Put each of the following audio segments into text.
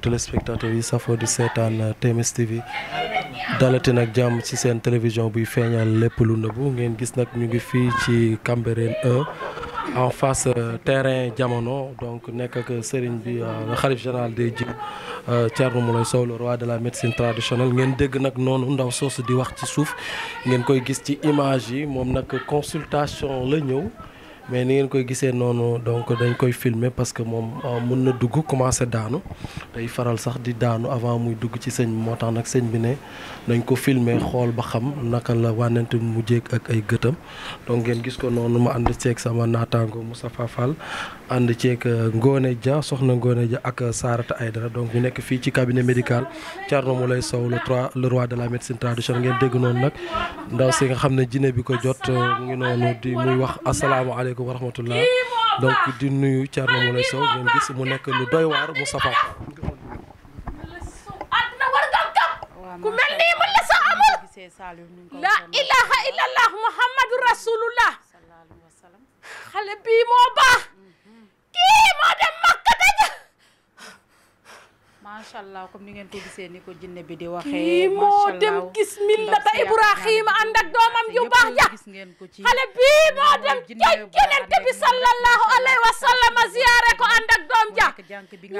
téléspectateurs yi safoo di seetaan TMS TV dalati nag jàmm ci seen télévision buy feeñal lépp lu nëbbu ngeen gis nag ñu ngi fii ci Cambérène 1 en face euh, terrain jamono donc nekk ak sëriñ bi euh, le xalif général des Djinn euh, Thierno Moulay Sow le roi de la médecine traditionnelle ngeen dégg nag noonu ndaw soosu di wax ci suuf ngeen koy gis ci image yi moom nag consultation la ñëw mais ni ngeen koy gisee noonu donc dañ koy filmer parce que moom euh, mën na dugg commencé daanu day faral sax di daanu avant muy dugg ci sëñ bi moo tax nag sëñ bi ne dañ ko filmer xool ba xam naka la wànnante mu jéeg ak ay gëtam donc ngeen gis ko noonu ma ànd seeg sama naataango Moustapha Fall ànd ceeg euh, Ngone Dia soxna Ngone ja ak euh, Sarata Aydara donc ñu nekk fii ci cabinet médical Thierno lay Sow le trois le roi de la médecine traditionnelle ngeen dégg noonu nag ndaw si nga xam ne jinne bi ko jot euh, mu ngi noonu di muy wax asalaamaaleykum wa rahmatullah donc di nuyu Thierno Moulay Sow ngeen gis mu nekk lu doy war mu safa la ilaha illallah muhammadu rasulullah xale bii moo baax kii moo dem Makka daja macha ni ngeen ko gisee ni ko jinne bi di waxee kii moo dem gis millata Ibrahima ànd ak doomam yu baax ja xale bii moo dem ca Yonent bi sallallahu alayhi wa sallam ziyaare ko ànd ak doom ja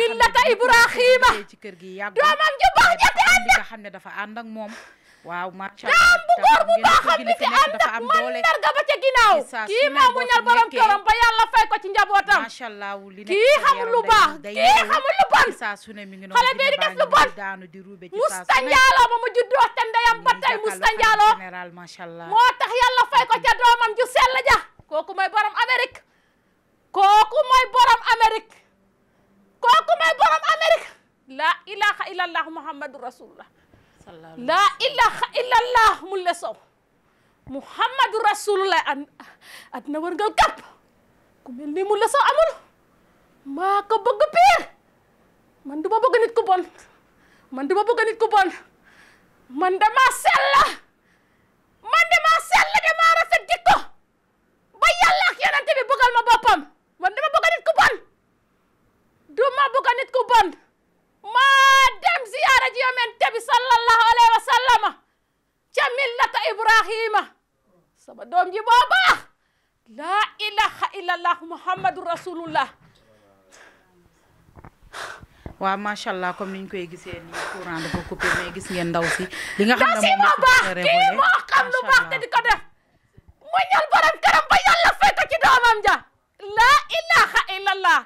millata Ibrahima doomam ju baax ja te ànd ak moom waaw macha allah am bu góor bu baaxam bi fi ànd ak mandarga ba ca ginnaaw kii moo mu ñal borom këram ba yàlla fay ci njabootam kii xamul lu baax kii xamul lu bon xale bee lu bon musta njaaloo mu juddoo te ndeyam ba tey musta njaaloo moo tax ca doomam ju sell ja kooku mooy borom Amérique kooku mooy borom Amérique kooku mooy borom Amérique la rasulullah laa ilaha illallah mulle sow muhammadu rasulullah adna wërngal kàpp ku mel ni mulle sow amul maa ko bëgg piir man duma bëgg nit ku bon man duma bëgg nit ku bon man dama sell man dama sell dama rafet jikko ba ma boppam man dama bëgg nit ku bon duma bëgg nit ku bon aji yonente bi sallallahu alayhi wa sallama ca millata ibrahima sama doom ji boo baax laa ilaha illallah muhammadu rasulullah waaw macha allah comme niñ koy gisee nii courant dafa coupé mais gis ngeen ndaw si li nga moo baax kii moo xam lu baax te di ko def mu ñal ba yàlla fekk ci doomam ja laa ilaha illallah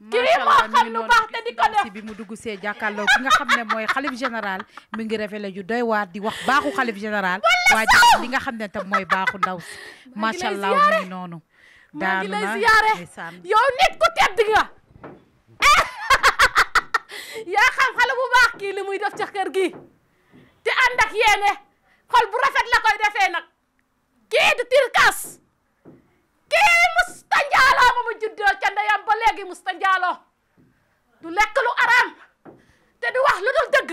kii moo xam lu baax te di ko mu dugg see jàkkaarloo ki nga xam ne mooy xalif général mi ngi révélé ju doy waar di wax baaxu xalif général waa ji li nga xam ne ta mooy baaxu ndaw si macha allah noonu maa ngi lay ziyaare yow nit ku tedd nga yaa xam xale bu baax kii li muy def ca kër gi te ànd ak yéene bu rafet la koy defee nag kii du tirkaas kii musta ma mu juddoo ca ndeyam ba léegi musta du lekk lu araam te du wax lu dul dëgg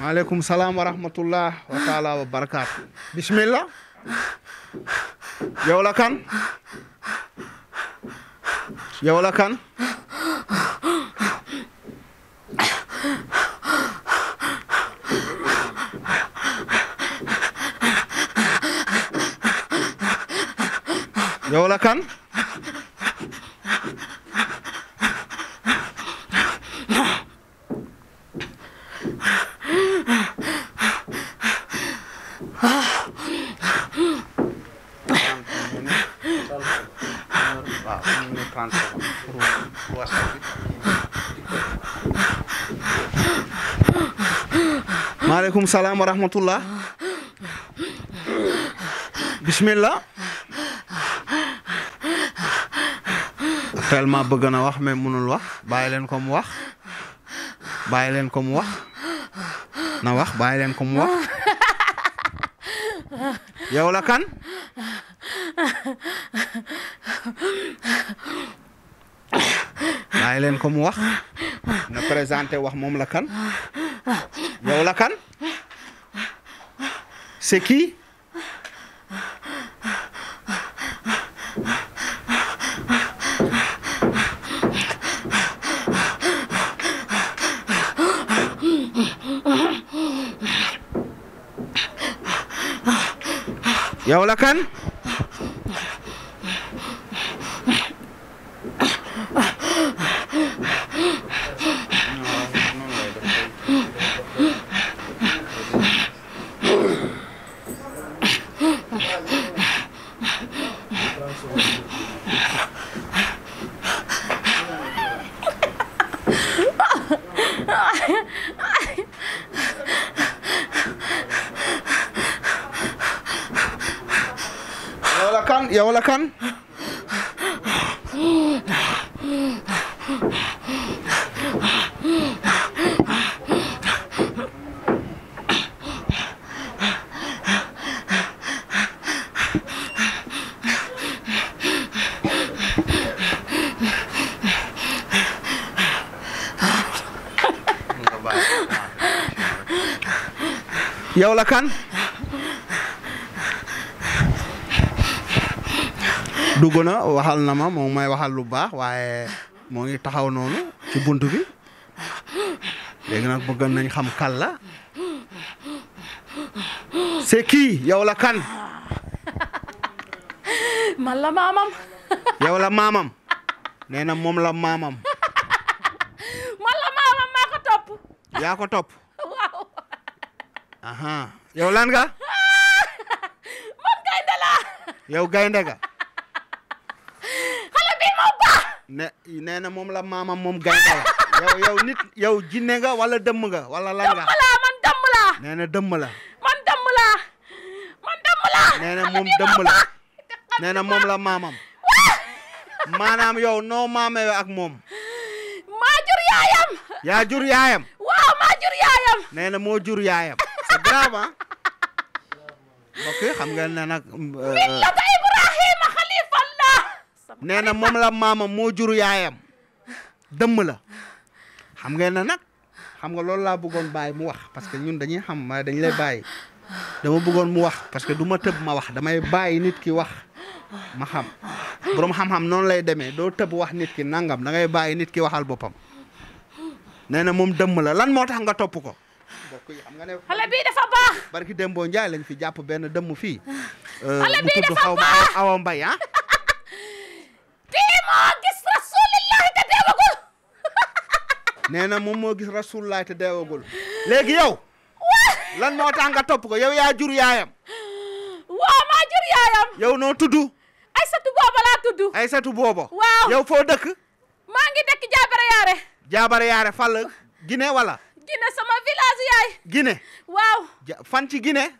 maaleykum salaam wa rahmatullah wa taala wa barakaatu bismillah yow la kan yow la kan yow la kan maaleykum salaam wa rahmatullah bismillah tellement bëgg na wax mais mënul wax bàyyi leen ko mu wax bàyyi leen ko mu wax na wax bàyyi leen ko mu wax yow la kan bàyyi leen ko mu wax na présenté wax moom la kan yow la kan c'est yow la kan na ma moom may waxal lu baax waaye moo ngi taxaw noonu ci bunt bi léegi nag bëgg nañ xam kan la c'est qui yow la kan. man la maamam. yow la maamam nee na moom la maamam. man la maamam maa ko topp. yaa ko topp. waaw. yow lan nga. Ah! man gaynde la. yow gaynde nga. ne nee na moom la maamam moom gaynde la yow yow nit jinne nga wala dëmm nga wala lan nga. dëmm laa man dëmm la. man dëmm laa man na moom dëmm la nee moom la maamam. maanaam yow noo maamee ak moom. maa jur yaayam. yaa jur yaayam. waaw maa jur yaayam. nee na moo jur yaayam. c'est grave ah. ok xam nga ne nag. Mm, euh, nee na moom la maamam moo jur yaayam dëmm la xam ngeen na nag xam nga loolu laa bëggoon bàyyi mu wax parce que ñun dañuy xam ma dañ lay bàyyi dama bëggoon mu wax parce que du ma tëb ma wax damay bàyyi nit ki wax ma xam boroom xam-xam noonu lay demee doo tëb wax nit ki nangam da ngay bàyyi nit ki waxal boppam nee na moom dëmm la lan moo tax nga topp ko mbokk nga ne xale bii dafa baax barki Dembo Njaay lañ fi jàpp benn dëmm fii xale euh, bii dafa baax awa ah? nee na moom moo gis rasulullah te deewagul léegi yow. lan moo tax topp ko yow yaa jur yaayam. waaw maa jur yaayam. yow noo tudd. Aysatu booba laa tudd. Aysatu booba. waaw yow foo dëkk. maa ngi dëkk Jaabare Yaare. Jaabare Yaare fàll Guinée wala. sama village yaay. Guinée. waaw. fan ci Guinée.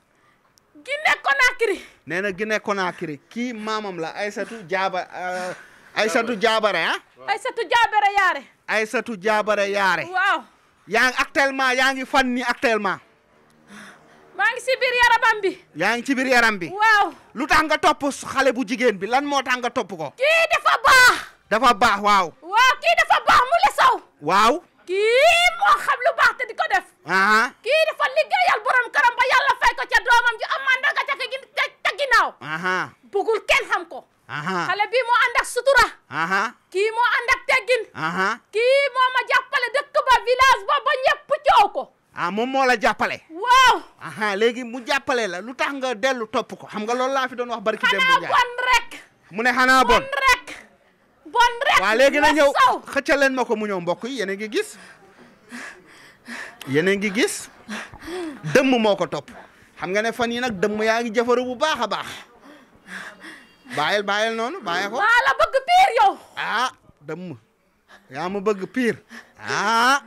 Guinée Conakry. nee na Guinée Conakry kii maamam la ay Jaaba euh, Aysatu Jaabare ah. Aysatu Jaabare Yaare. Aysatu Jaabare Yaare. waaw yaa ngi actuellement yaa ngi fan nii actuellement. maa ngi si biir yaramam yaa ngi ci biir yaram bi. waaw lu tax nga topp xale bu jigéen bi lan moo tax nga topp ko. kii dafa baax. dafa baax waaw. waaw kii dafa baax mu le waaw. kii moo xam lu baax te di ko def. kii dafa liggéeyal borom këram ba yàlla fay ko ca doomam ji am mandarga ca ginnaaw. bëggul kenn xam ko. xale bii moo ànd sutura kii moo ànd teggin kii moo ma jàppale dëkk ba village ba ba coow ko ah moom moo la jàppale waaw léegi mu jàppale la lu tax nga dellu topp ko xam nga loolu laa fi doon wax barki dem xanaa bon mu ne xanaa bon rek bon rek waaw léegi na ñëw xëccal leen ma ko mu ñëw mbokk yi yéen a ngi gis yéen a ngi gis dëmm moo ko topp xam nga ne fan yi nag dëmm yaa ngi jafaru bu baax a baax bàyyil bàyyil noonu bàyyi ko. maa la bëgg piir yow. ah dama yaa ma bëgg piir ah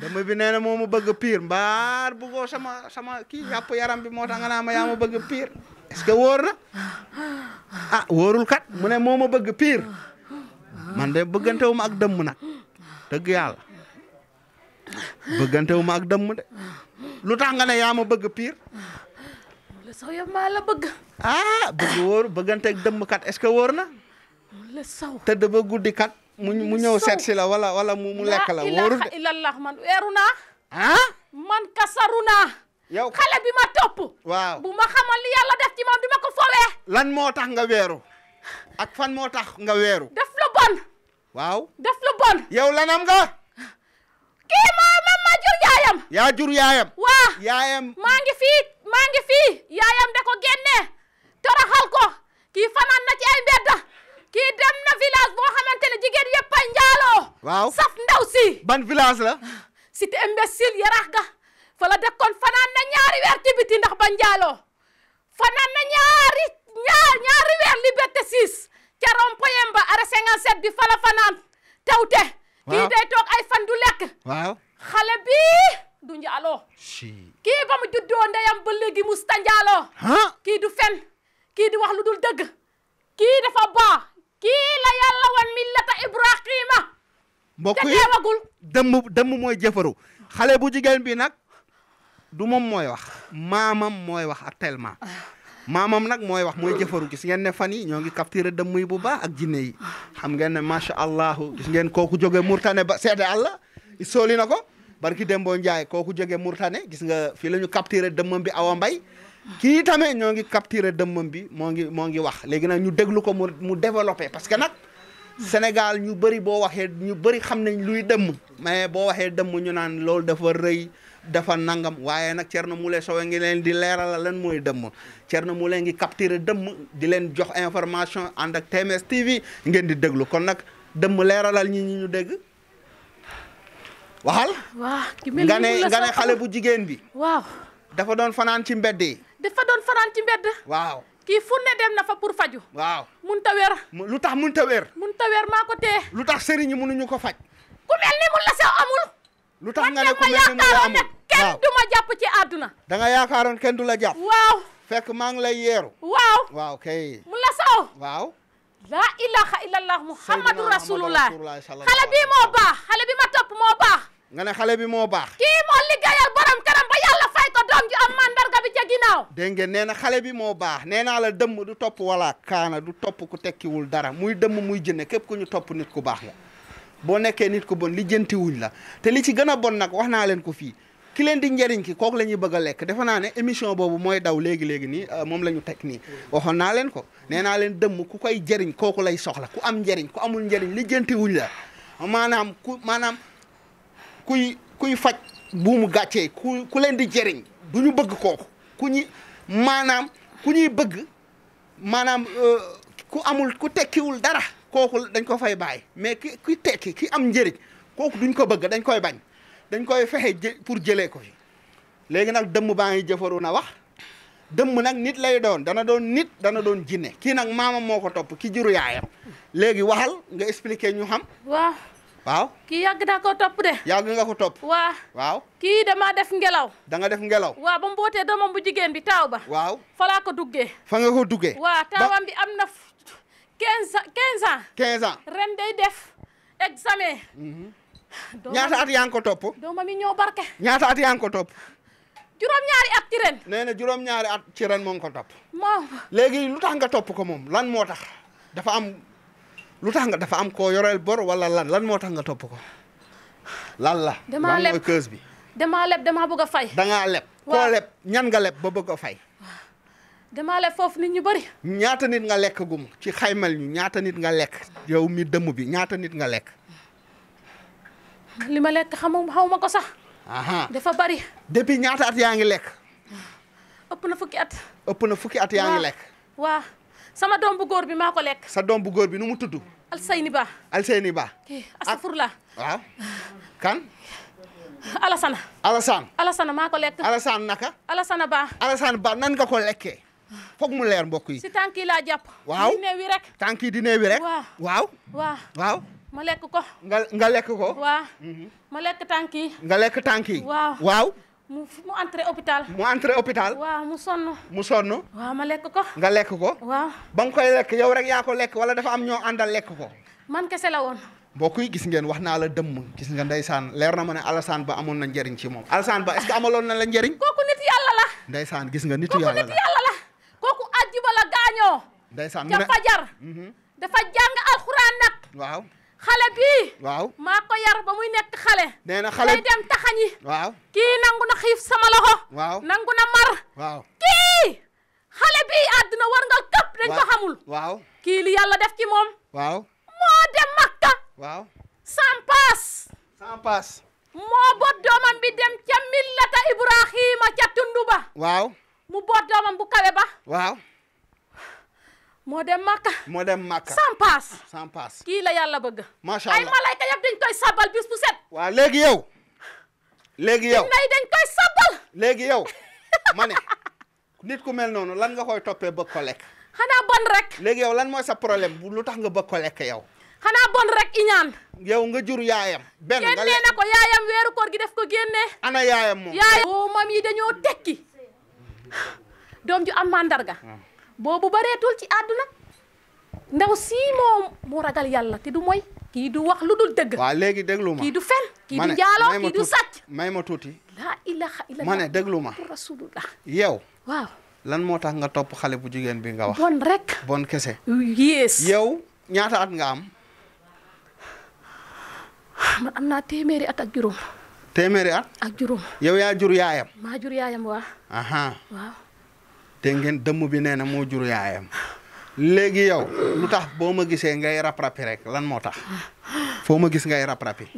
dama bi nee na moo ma bëgg piir mbaar bëggoo sama sama kii yàpp yaram bi moo tax nga ma yaa ma bëgg piir est-ce que wóor na ah wóorul kat mu ne mooma bëgg piir man de bëggante wu ma ak dëmm nag dëgg yàlla bëggante wu ma ak dëmm de lu tax yaa ma bëgg piir. la sax yow maa la bëgg. ah bëgg wóor bëgganteeg dëmm kat est-ce que wóor na. la saw tëdd ba guddi kat. mu ñëw seet la wala wala mu mu lekk la. wóorul de illallah man weeru naa. ah man kasaru naa. yow xale bi ma topp. waaw bu ma xamal li yàlla def ci moom du ma ko fowee. lan moo tax nga weeru. ak fan moo tax nga weeru. def lu bon. waaw lanam nga. kii moo ma jur yaayam. yaa jur yaayam. waa yaayam maa ngi fii maa yaayam da ko génnee. toroxal kii fanaan na ci ay mbedd kii dem na village boo xamante ne jigéen yëpp saf ndaw si ban village la cité imbécile yaraax ga fa dekkoon fanaan na ñaari weer ci biti ndax ba fanaan na ñaari ñaari weer liberté 6 ca rond-point ba arrêt 57 fanaan tewte kii day toog ay fan du lekk waaw bii du njaaloo kii ba mu juddoo ndeyam ba léegi musta njaaloo kii du fen kii di wax lu dul dëgg kii dafa baax kii la yàlla wan millata ibrahima mbokk yi teewagul mooy jëfaru xale bu jigéen bi nag du moom mooy wax maamam mooy wax actuellement maamam nag mooy wax mooy jëfaru gis ngeen ne fan yi ñoo ngi capturé dëmm yi bu ba ak jinne yi xam ngeen ne macha allah gis ngeen kooku jóge Murtane ba seede àlla sooli na ko barki Dembo Ndiaye kooku jóge Murtane gis nga fii la ñu capturé dëmmam bi Awa Mbay kii tamit ñoo ngi capturé dëmmam bi moo ngi moo ngi wax léegi nag ñu déglu ko mu mu développé parce que nag Sénégal ñu bëri boo waxee ñu bëri xam nañ luy dëmm mais boo waxee dëmm ñu naan loolu dafa rëy dafa nangam waaye nag Thierno Moule Sow ngi leen di leeral lan mooy dëmm Thierno Moule ngi capturé dëmm di leen jox information ànd ak TMS TV ngeen di déglu kon nag dëmm leeralal ñi ñi ñu dégg waxal. waaw nga ne xale bu jigéen bi. waaw dafa doon fanaan ci mbedd yi. dafa doon fanaan ci mbedd. waaw kii fu ne dem na fa pour faju waaw mënut a wér. lu tax mënut a wér. mënut a wér maa ko lu tax sëriñ yi mënuñu ko faj. ku mel ni mu la sew amul. lu tax nga ne ku mel ni mu la ma jàpp ci àdduna. da nga yaakaaroon kenn du la jàpp. waaw fekk maa ngi lay yeeru. waaw waaw kay. la sew. waaw. laa ilaha illallah muhammadu rasulullah xale bii moo baax xale bi ma topp moo baax. nga ne xale bi moo baax. kii moo liggéeyal borom kanam ba yàlla fay ko doom ji am mandarga bi ca ginnaaw. dégg nee na xale bi moo baax nee naa la dëmm du topp wala kaana du topp ku tekkiwul dara muy dëmm muy jënne képp ku ñu topp nit ku baax la boo nekkee nit ku bon li jëntiwuñ la te li ci gën a bon nag wax naa leen ko fii. ki leen di njëriñ ki kooku la ñuy bëgg a lekk defe naa ne émission boobu mooy daw léegi léegi ni euh, moom la ñu teg nii waxoon naa leen ko nee naa leen dëmm ku koy jëriñ kooku lay soxla am njëriñ ku amul njëriñ li la kuy kuy faj buumu gàccee ku ku leen di jëriñ du ñu bëgg kooku ku ñi maanaam ku ñuy bëgg maanaam euh, ku amul ku tekkiwul dara kooku dañ ko fay bàyyi mais ki ki tekki ki am njëriñ kooku duñ ko bëgg dañ koy bañ dañ koy fexe jë pour jëlee ko fi léegi nag dëmm baa ngi jëfaru na wax dëmm nag nit lay doon dana doon nit dana doon jinne kii nag maamam moo ko topp ki juru yaayam léegi waxal nga expliquer ñu xam waaw waaw kii yàgg naa ko topp de yàgg nga ko topp waa waaw kii damaa def ngelaw da nga def ngelaw waa ba mu bootee doomam bu jigéen bi taaw ba waaw falaa ko duggee fa nga ko duggee waaw taawam bi am na quinze quinze ans quinze ans ren day def examen mhm. ñaata at yaa ngi ko topp doomam yi ñëw barke ñaata at yaa ko topp juróom-ñaari at ci ren nee na juróom-ñaari at ci ren moo ko topp moom léegi lu tax nga topp ko moom lan moo tax dafa am lu tax nga dafa am koo yoreel bor wala lan lan moo tax nga topp ko lan la. damaa leb mooy bi. damaa leb damaa bëgg a fay. dangaa leb koo leb ñan nga leb ba bëgg a fay. damaa leb foofu nit ñu bari ñaata nit nga lekk gum ci xaymal ñu ñaata nit nga lekk. yow mi dëmm bi ñaata nit nga lekk. li ma lekk xamu xaw ma ko sax. dafa bari depuis ñaata at yaa ngi lekk. ëpp na fukki at. ëpp na fukki at yaa ngi lekk. waa sama doom bu góor bi maa ko lekk. sa doom bu góor bi nu mu tudd. Alseyni Ba. Alseyni Ba. astafurla. waaw kan. Alassane. Alassane. Alassane maa ko lekk. Alassane naka. Alassane Ba. Alassane Ba nan nga ko lekkee. foog mu leer mbokk yi. si tànk yi laa jàpp. waaw di tànk yi di neewi waaw waaw. ma lekk ko. nga nga lekk ko. waaw. Mhm. ma lekk tànk yi. nga lekk tànk yi. waaw waaw. mu mu entré hôpital. mu entré hôpital. waaw mu sonn. mu sonn. waaw ma lekk ko. nga lekk ko. waaw ba nga koy lekk yow rek yaa ko lekk wala dafa am ñoo àndal lekk ko. man kese la woon. mbokk yi gis ngeen wax naa la dëmm gis nga ndeysaan leer na ma ne Alassane Ba amoon na njëriñ ci moom Alassane Ba est-ce que amaloon na la njëriñ. kooku nit yàlla la. ndeysaan gis nga nit yàlla la kooku nit yàlla la. gaañoo. ndeysaan mu ca fajar. Mhm. dafa jàng alxuraan nag. waaw. xale bii. waaw maa ko yar ba muy nekk xale. nee na xale dem taxañi. waaw kii nangu na xiif sama nangu na mar. waaw kii xale bii war nga këpp dañ ko xamul. waaw def ci moom. waaw moo dem Makka. waaw sans moo boot doomam bi dem ca millata Ibrahima ca ba. mu boot doomam bu kawe ba. moo dem Makka. moo dem Makka. sans kii la yàlla bëgg. macha allah ay malayka yëpp dañ koy sabal bis bu set. léegi yow. léegi yow léegi yow ma ne nit ku mel noonu lan nga koy toppee bëgg ko lekk. xanaa bon rek. léegi yow lan mooy sa problème bu lu tax nga bëgg ko lekk yow. xanaa bon rek iñaan yow nga jur yaayam. benn nga ko yaayam weeru koor gi def ko génnee. ana yaayam moom. yaayam moom yi dañoo tekki doom ju am mandarga. Ah. boobu bareetul ci àdduna ndaw sii moo mu ragal yàlla te du mooy kii du wax lu dul dëgg léegi déglu ma kii du fen kii du njaaloo kii du sàcc may ma tuuti laa ilaha illallah ma déglu ma rasulullah yow moo tax nga topp xale bu jigéen bi nga wax bon bon kese yow ñaata nga am am naa téeméeri at ak ak juróom yow yaa jur yaayam maa jur yaayam waa te ngeen dëmm bi nee na moo jur yaayam léegi yow lu tax boo ma gisee ngay raprapi rek lan moo tax foo ma gis ngay raprapi. tax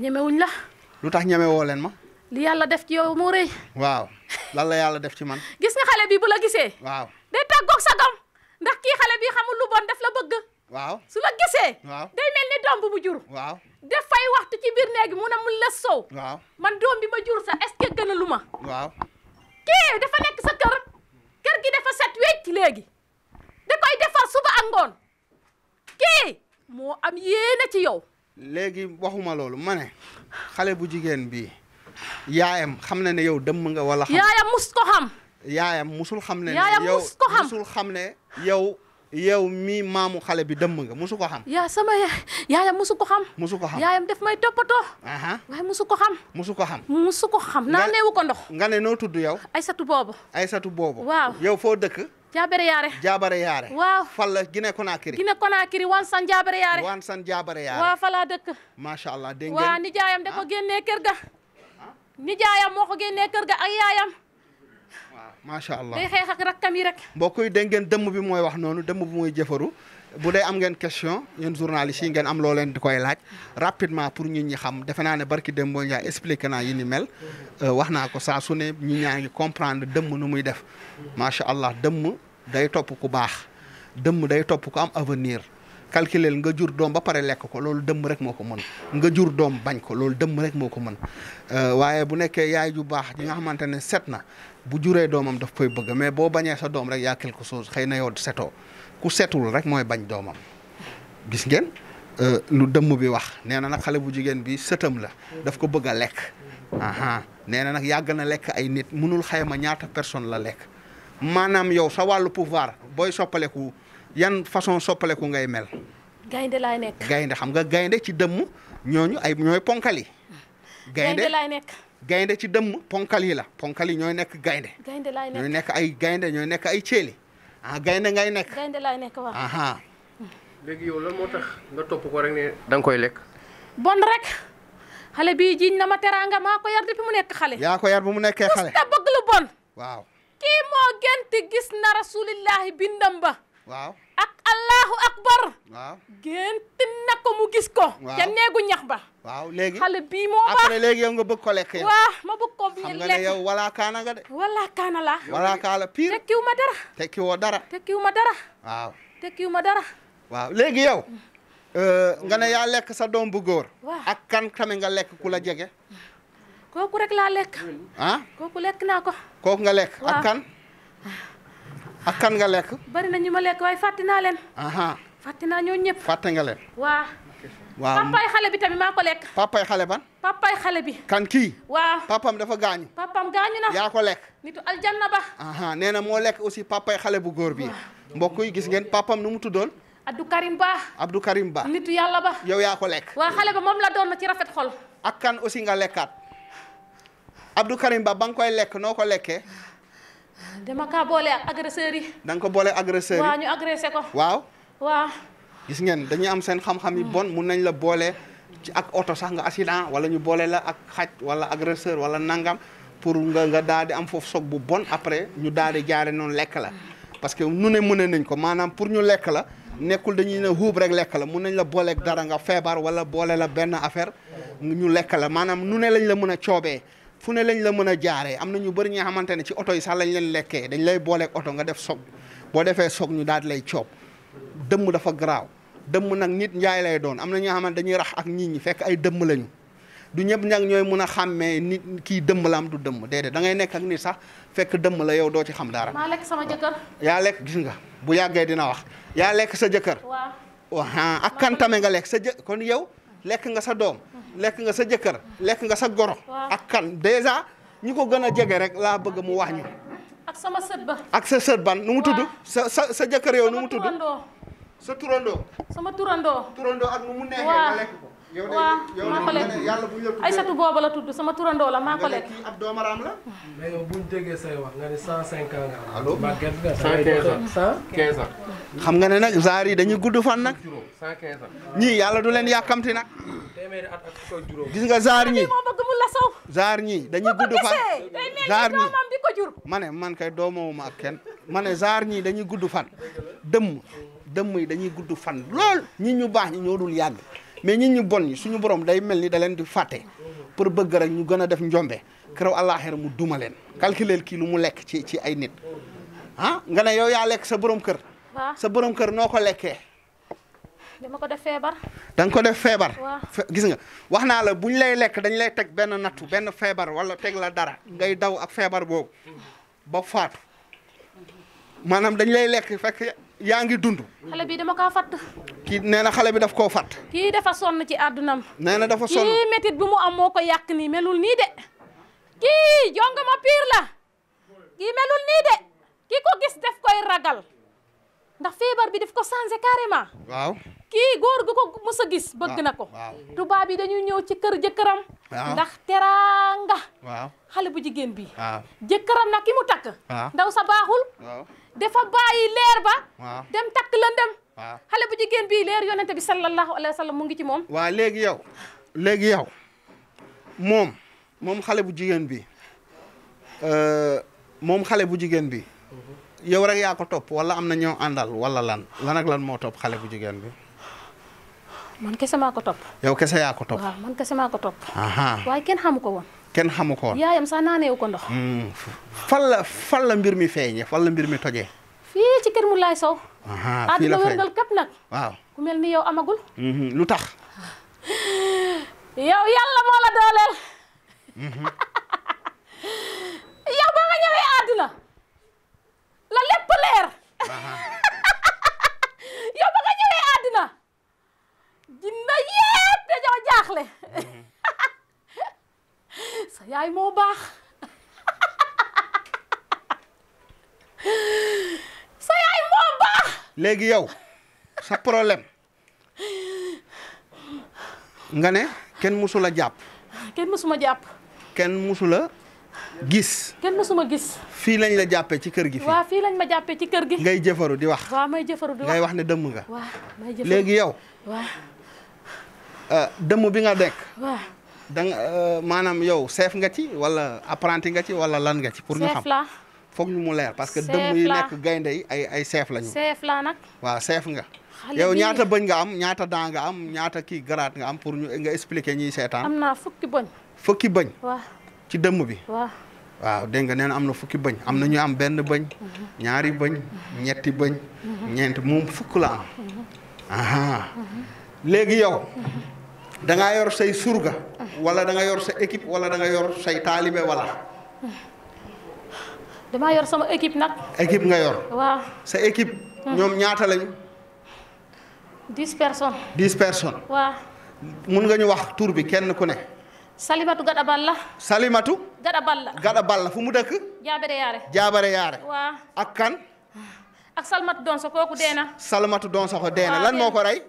ñeme leen ma. def ci yow moo la yàlla def ci man. nga xale bi bu la gisee. day tàggoog sa gam ndax kii xale bi xamul lu bon daf la bëgg. su la gisee. day mel ni doom bu mu jur. waaw waxtu ci biir néeg mu ne mu la sow. man doom bi ma jur sax est-ce kii dafa nekk sa kër. kër gi dafa set wecc léegi da koy defar suba ak kii moo am yéene ci yow. léegi waxuma loolu mane xale bu jigéen bi yaayam xam na ne yow dëmm nga wala. xam yaayam mus ko xam. yaayam musul xam ne. yaayam mus ko xam yow musul xam ne yow. yow mii maamu xale bi dëmm nga musu ko xam. yaa sama yaayam musu ko xam. musu ko xam yaayam def may toppatoo. waaye musu ko xam. musu ko xam. musu ko xam naa neewu ko ndox. nga ne noo tudd yow. Aysatu boobu. Aysatu boobu. waaw dëkk. jaabare yaare jaabare yaare waaw falla Guinée Conakry Guinée Conakry wan san wan san jaabare yaare waaw falaa dëkk macha allah dégg ngeen waaw nijaayam da ko ah. génnee kër ga ah. nijaayam moo ko génnee kër ga ak yaayam waaw macha allah day xeex rakkam yi rek. mbokk yi dégg ngeen dëmm bi mooy wax noonu dëmm bi mooy jëfaru bu dee am ngeen question yéen journalistes yi ngeen am loo leen di koy laaj rapidement pour ñun ñi xam defe naa ne barki dem Demba Ndiaye expliqué naa yi ni mel euh, wax naa ko saa su ne ñu ngi comprendre dëmm nu muy def macha allah dëmm day topp ku baax dëm day topp ku am avenir calculer nga jur doom ba pare lekk ko loolu dëmm rek moo ko mën nga jur doom bañ ko loolu dëmm rek moo ko mën euh, waaye bu nekkee yaay ju baax ñi nga xamante ne set na bu juree doomam daf koy bëgg mais boo bañee sa doom rek yaa quelque sos xëy na yow setoo ku setul rek mooy bañ doomam gis ngeen euh, lu dëmm bi wax nee na nag xale bu jigéen bi sëtam la daf ko bëgg a lekk aha nee na nag yàgg na lekk ay nit mënul ma ñaata personne la lekk maanaam yow sa wàllu pouvoir booy soppaleku yan façon soppaleku ngay mel gaynde laay nekk gaynde xam nga gaynde ci dëmm ñooñu ay ñooy ponkali gaynde laay nekk gaynde ci dëmm ponkal yi la ponkal yi ñooy nekk gaynde gaynde nekk ay gaynde ñooy nekk ay céeli ah gaynde ngay nekk gaynde laay nekk waaw yow lan moo nga topp ko rek ne da koy lekk bon rek xale bii jiñ na ma teraanga maa ko yar depuis mu nekk xale yaa ko yar bu mu nekkee xale musta bëgg bon waaw kii moo genti gis na rasulillahi ba waaw ak allahu akbar. waaw gént ko mu gis ko. waaw ca neegu ñax ba. waaw léegi xale bii moo baax après léegi nga bëgg ko lekk yow. waaw ma bëgg ko lekk xam nga ne yow wala kaana nga de. wala kaana la. wala kaana pire tekkiw ma dara. tekkiw ma dara. waaw tekkiw ma dara. waaw léegi yow. Mm. Euh, nga ne yaa lekk sa doom bu góor. waaw ak kan nga lekk ku la jege. kooku rek laa lekk. ah kooku lekk naa ko. kooku nga lekk ak kan. Ah. ak kan nga lekk. bari na ñu ma lekk waaye fàtte naa leen. fàtte naa ñoo ñëpp. fàtte nga leen. waaw. waaw papaay xale bi tamit maa ko lekk. papaay xale ban. xale bi. kan kii. waaw papam dafa gaañu. papam gaañu na. yaa ko lekk. nitu aljanna ba. nee na moo lekk aussi papaay xale bu góor bi mbokk yi gis ngeen papam nu mu tuddoon. Abdou Karim Ba. Abdou Karim Ba. nitu yàlla ba. yow yaa ko lekk. waaw xale ba moom la doon ci rafet xol. ak kan aussi nga lekkaat. Abdou Karim Ba ba nga koy lekk noo ko lekkee. dama ka boole ak agresseurs yi. da nga ko boole agresseurs yi waaw ñu agressé ko. waaw waaw. gis ngeen dañu am seen xam-xam yi bon mun nañ la boole ci ak oto sax nga assident wala ñu boole la ak xaj wala agresseur wala nangam pour nga nga daal di am foofu soog bu bon après ñu daal di jaare noonu lekk la. parce que nu ne mun mënee nañ ko maanaam pour ñu lekk la nekkul dañuy ne huub rek lekk la mun nañ la booleeg dara nga feebar wala boole la benn affaire ñu lekk la maanaam nu ne lañ la mën a coobee. fu ne lañ la mën a jaaree am na ñu bëri ñi nga xamante ne ci oto yi sax lañ leen lekkee dañ lay booleeg oto nga def soog boo defee soog ñu daal di lay coob dëmm dafa garaaw dëmm nag nit njaay lay doon am na ñoo xamante dañuy rax ak nit ñi fekk ay dëmm lañu du ñëpp nag ñooy mun a xàmmee nit kii dëmm la am du dëmm dee da ngay nekk ak nit sax fekk dëmm la yow doo ci xam dara. maa lekk yaa lekk gis nga bu yàggee dina wax yaa lekk sa jëkkër. waaw ah, ak kan nga lekk sa jë kon yow lekk nga sa doom lekk nga sa jëkkër lekk nga sa goro ak kan dèjà ñi ko gën a jege rek laa bëgg mu wax ñu ak sama sët ak sa sët ban nu mu tudd sa sa sa jëkkër yow nu mu tudd sa turandoo sama turandoo turandoo ak nu mu neexee nga waaw maa ko lekk Aysatu la tudd sama turandoo la maa ko lekk. ab doomaraam la. mais yow say wax nga ne 105 ans nga am. allo xam nga ne nag genre yi dañuy gudd fan nag. 115 ans ñii yàlla du leen yàkkamti nag. téeméeri at gis nga genre ñi moo bëgg gudd fan. mane ñii di ko ma ne man kay doomawuma ak kenn ma ne genre ñii dañuy gudd fan dëmm dëmm yi dañuy gudd fan lool ñi ñu baax ñi ñoo dul yàgg. mais ñit ñu bon ñi suñu borom day mel ni daleen leen di fàtte pour bëgg rek ñu gën a def njombe keroog àllaaxira mu duma leen calculeel kii lu mu lekk ci ci ay nit ah nga ne yow yaa lekk sa borom kër sa borom kër noo ko lekkee dama ko def feebar da ko def feebar gis nga wax naa la buñ lay lekk dañ lay teg benn nattu benn feebar wala teg la dara ngay daw ak feebar boobu ba faatu maanaam dañ lay lekk fekk yaa ngi dund. xale bi dama kaa fatt. kii nee na xale bi daf koo fatt. kii dafa sonn ci àddunam. nee na dafa sonn kii métit bu mu am moo ko yàq nii melul nii de. kii jonga ma piir la. kii melul nii de. kii ko gis def koy ragal. ndax feebar bi def ko changé carrément. waaw kii góor gu ko mës gis. bëgg na ko tubaab yi dañuy ñëw ci kër jëkkëram. ndax teraanga. xale bu jigéen bi. waaw jëkkëram nag ki mu takk. ndaw sa dafa bàyyi leer ba. dem takk lëndëm. waaw xale bu jigéen bii leer yonent bi sallallahu alayhi wa mu ngi ci moom. waa léegi yow léegi yow moom moom xale bu jigéen bi euh, moom xale bu jigéen bi yow rek yaa ko topp wala am na ñoo àndal wala lan lan ak lan moo topp xale bu jigéen bi. man kese maa ko topp. yow kese yaa ko topp. man kese maa ko topp. waaye kenn xamu woon. kenn xamu ko woon. yaayam sax naaneewu ko ndox. Hmm. fan la mbir mi feeñee fan la mbir mi tojee. fii ci kër Moulay Sow. fii la feeñ àdduna nag. waaw ni yow amagul. Hmm, lu tax. yow yàlla moo dooleel. Hmm. sa yaay moo baax. léegi yow sa problème nga ne kenn musula jàpp. kenn musuma jàpp. kenn musula gis. kenn musuma gis. fii lañ la jàppee ci kër gi. fii waaw lañ ma jàppee ci kër gi. ngay jëfaru di wax. waaw may jëfaru di wax ngay wax ne dëmm nga. waaw may léegi yow. Euh, dëmm bi nga dekk. da nga euh, maanaam yow seef nga ci wala apprenti nga ci wala lan nga ci. pour ñu xam foog ñu mu leer parce que dëmm yi nekk gaynde yi ay ay chef lañu. chef la nag. waaw chef nga. yow ñaata bëñ nga am ñaata daan nga am ñaata kii garaat nga am pour ñu nga expliquer ñuy seetaan. fukki bëñ. fukki bëñ. ci dëmm bi. waaw waaw dégg nga nee na am na fukki bëñ am na ñu am benn bëñ. ñaari bëñ. ñetti bëñ. ñeent moom fukk la am. Mhm. léegi yow. Mhm. da yor say surga wala da nga yor sa équipe wala da nga yor say taalibe wala damaa yor sama équipe nag équipe nga yor waaw sa équipe ñoom ñaata lañu dix personnes dix personnes waaw mun nga ñu wax tur bi kenn ku ne salimatu gada balla salimatu gada balla gada balla fu mu dëkk jaabare yaare jaabare yaare waaw ak kan ak salmatu donso kooku deena salmatu donso ko deena lan moo ko rey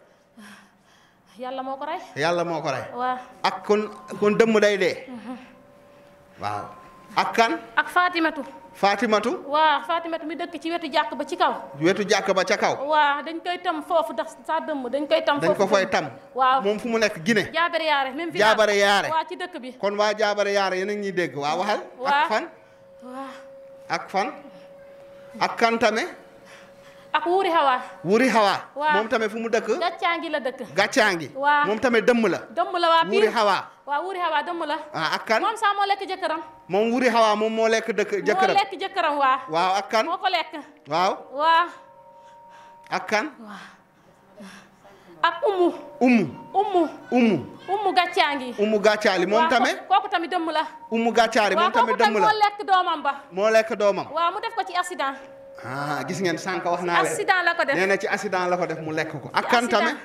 yàlla moo ko rey. yàlla moo ko rey. waaw ak kon kon dëmm day dee. Mhm. waaw ak kan. ak Fatimatu. Fatimatu. waaw Fatimatu mi dëkk ci wetu jàkk ba ci kaw. wetu jàkk ba ca kaw. waaw dañ koy tam foofu ndax saa dëmm dañ koy tam. foofu dañ ko fay tam. waaw moom fu mu nekk Guinée. jaabare yaare même village jaabare yaare. waaw ci dëkk bi. kon waa jaabare yaare yéen a ngi ñuy dégg waaw waxal. ak fan. waaw ak fan. ak kan tame. ak wuuri xawaa wuuri xawaa moom tamit fu mu dëkk gàccaangi la dëkk gàccaangi waaw moom tamit dëmm la dëmm la waa wuuri xawaa waaw dëmm la ak kan moom sax moo lekk jëkkëram moom wuuri xawaa moom moo lekk dëkk jëkkëram moo lekk jëkkëram waa waaw ak kan moo ko gàccaangi umu gàccaali moom tamit kooku tamit dëmm la umu gàccaali moom tamit dëmm la moo lekk doomam ba moo lekk doomam waaw mu def ko ci accident ah gis ngeen sànq wax naa leen accident la ko def nee ci accident la ko def mu lekk ko ak kan tamit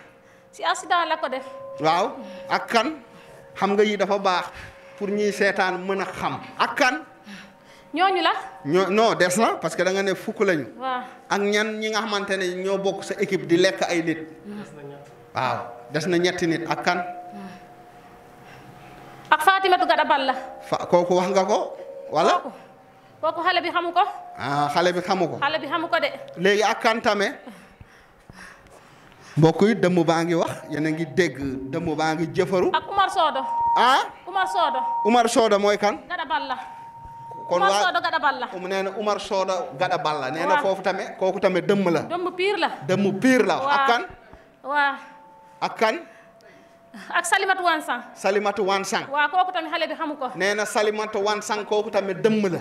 si accident la ko def waaw ak kan xam nga yi dafa baax pour ñuy seetaan mën a xam ak kan ñooñu la ñoo des na parce que da ne fukk lañu waaw ak ñan ñi nga xamante ne ñoo bokk sa équipe di lekk ay nit waaw des na ñetti nit ak kan ak Fatimatu Gadabal la fa kooku wax nga ko walla kooku xale bi xamu ko. ah xale bi xamu ko. xale ko de. léegi ak kantame mbokk dëmb baa ngi wax yéen a ngi dégg dëmm baa ngi jëfaru. ak Umar Soodo. ah Umar Soodo. mooy kan. gadabal la. kon waa Umar Soodo gadabal la. mu um, nee na Umar Soodo nee na foofu tamit kooku tamit dëmb la. dëmm piir la. dëmm piir la ak kan. waaw kan. ak Salimatu Wansang. Salimatu Wansang. waaw kooku tamit xale bi xamu ko. nee na Salimatu Wansang kooku tamit dëmm la.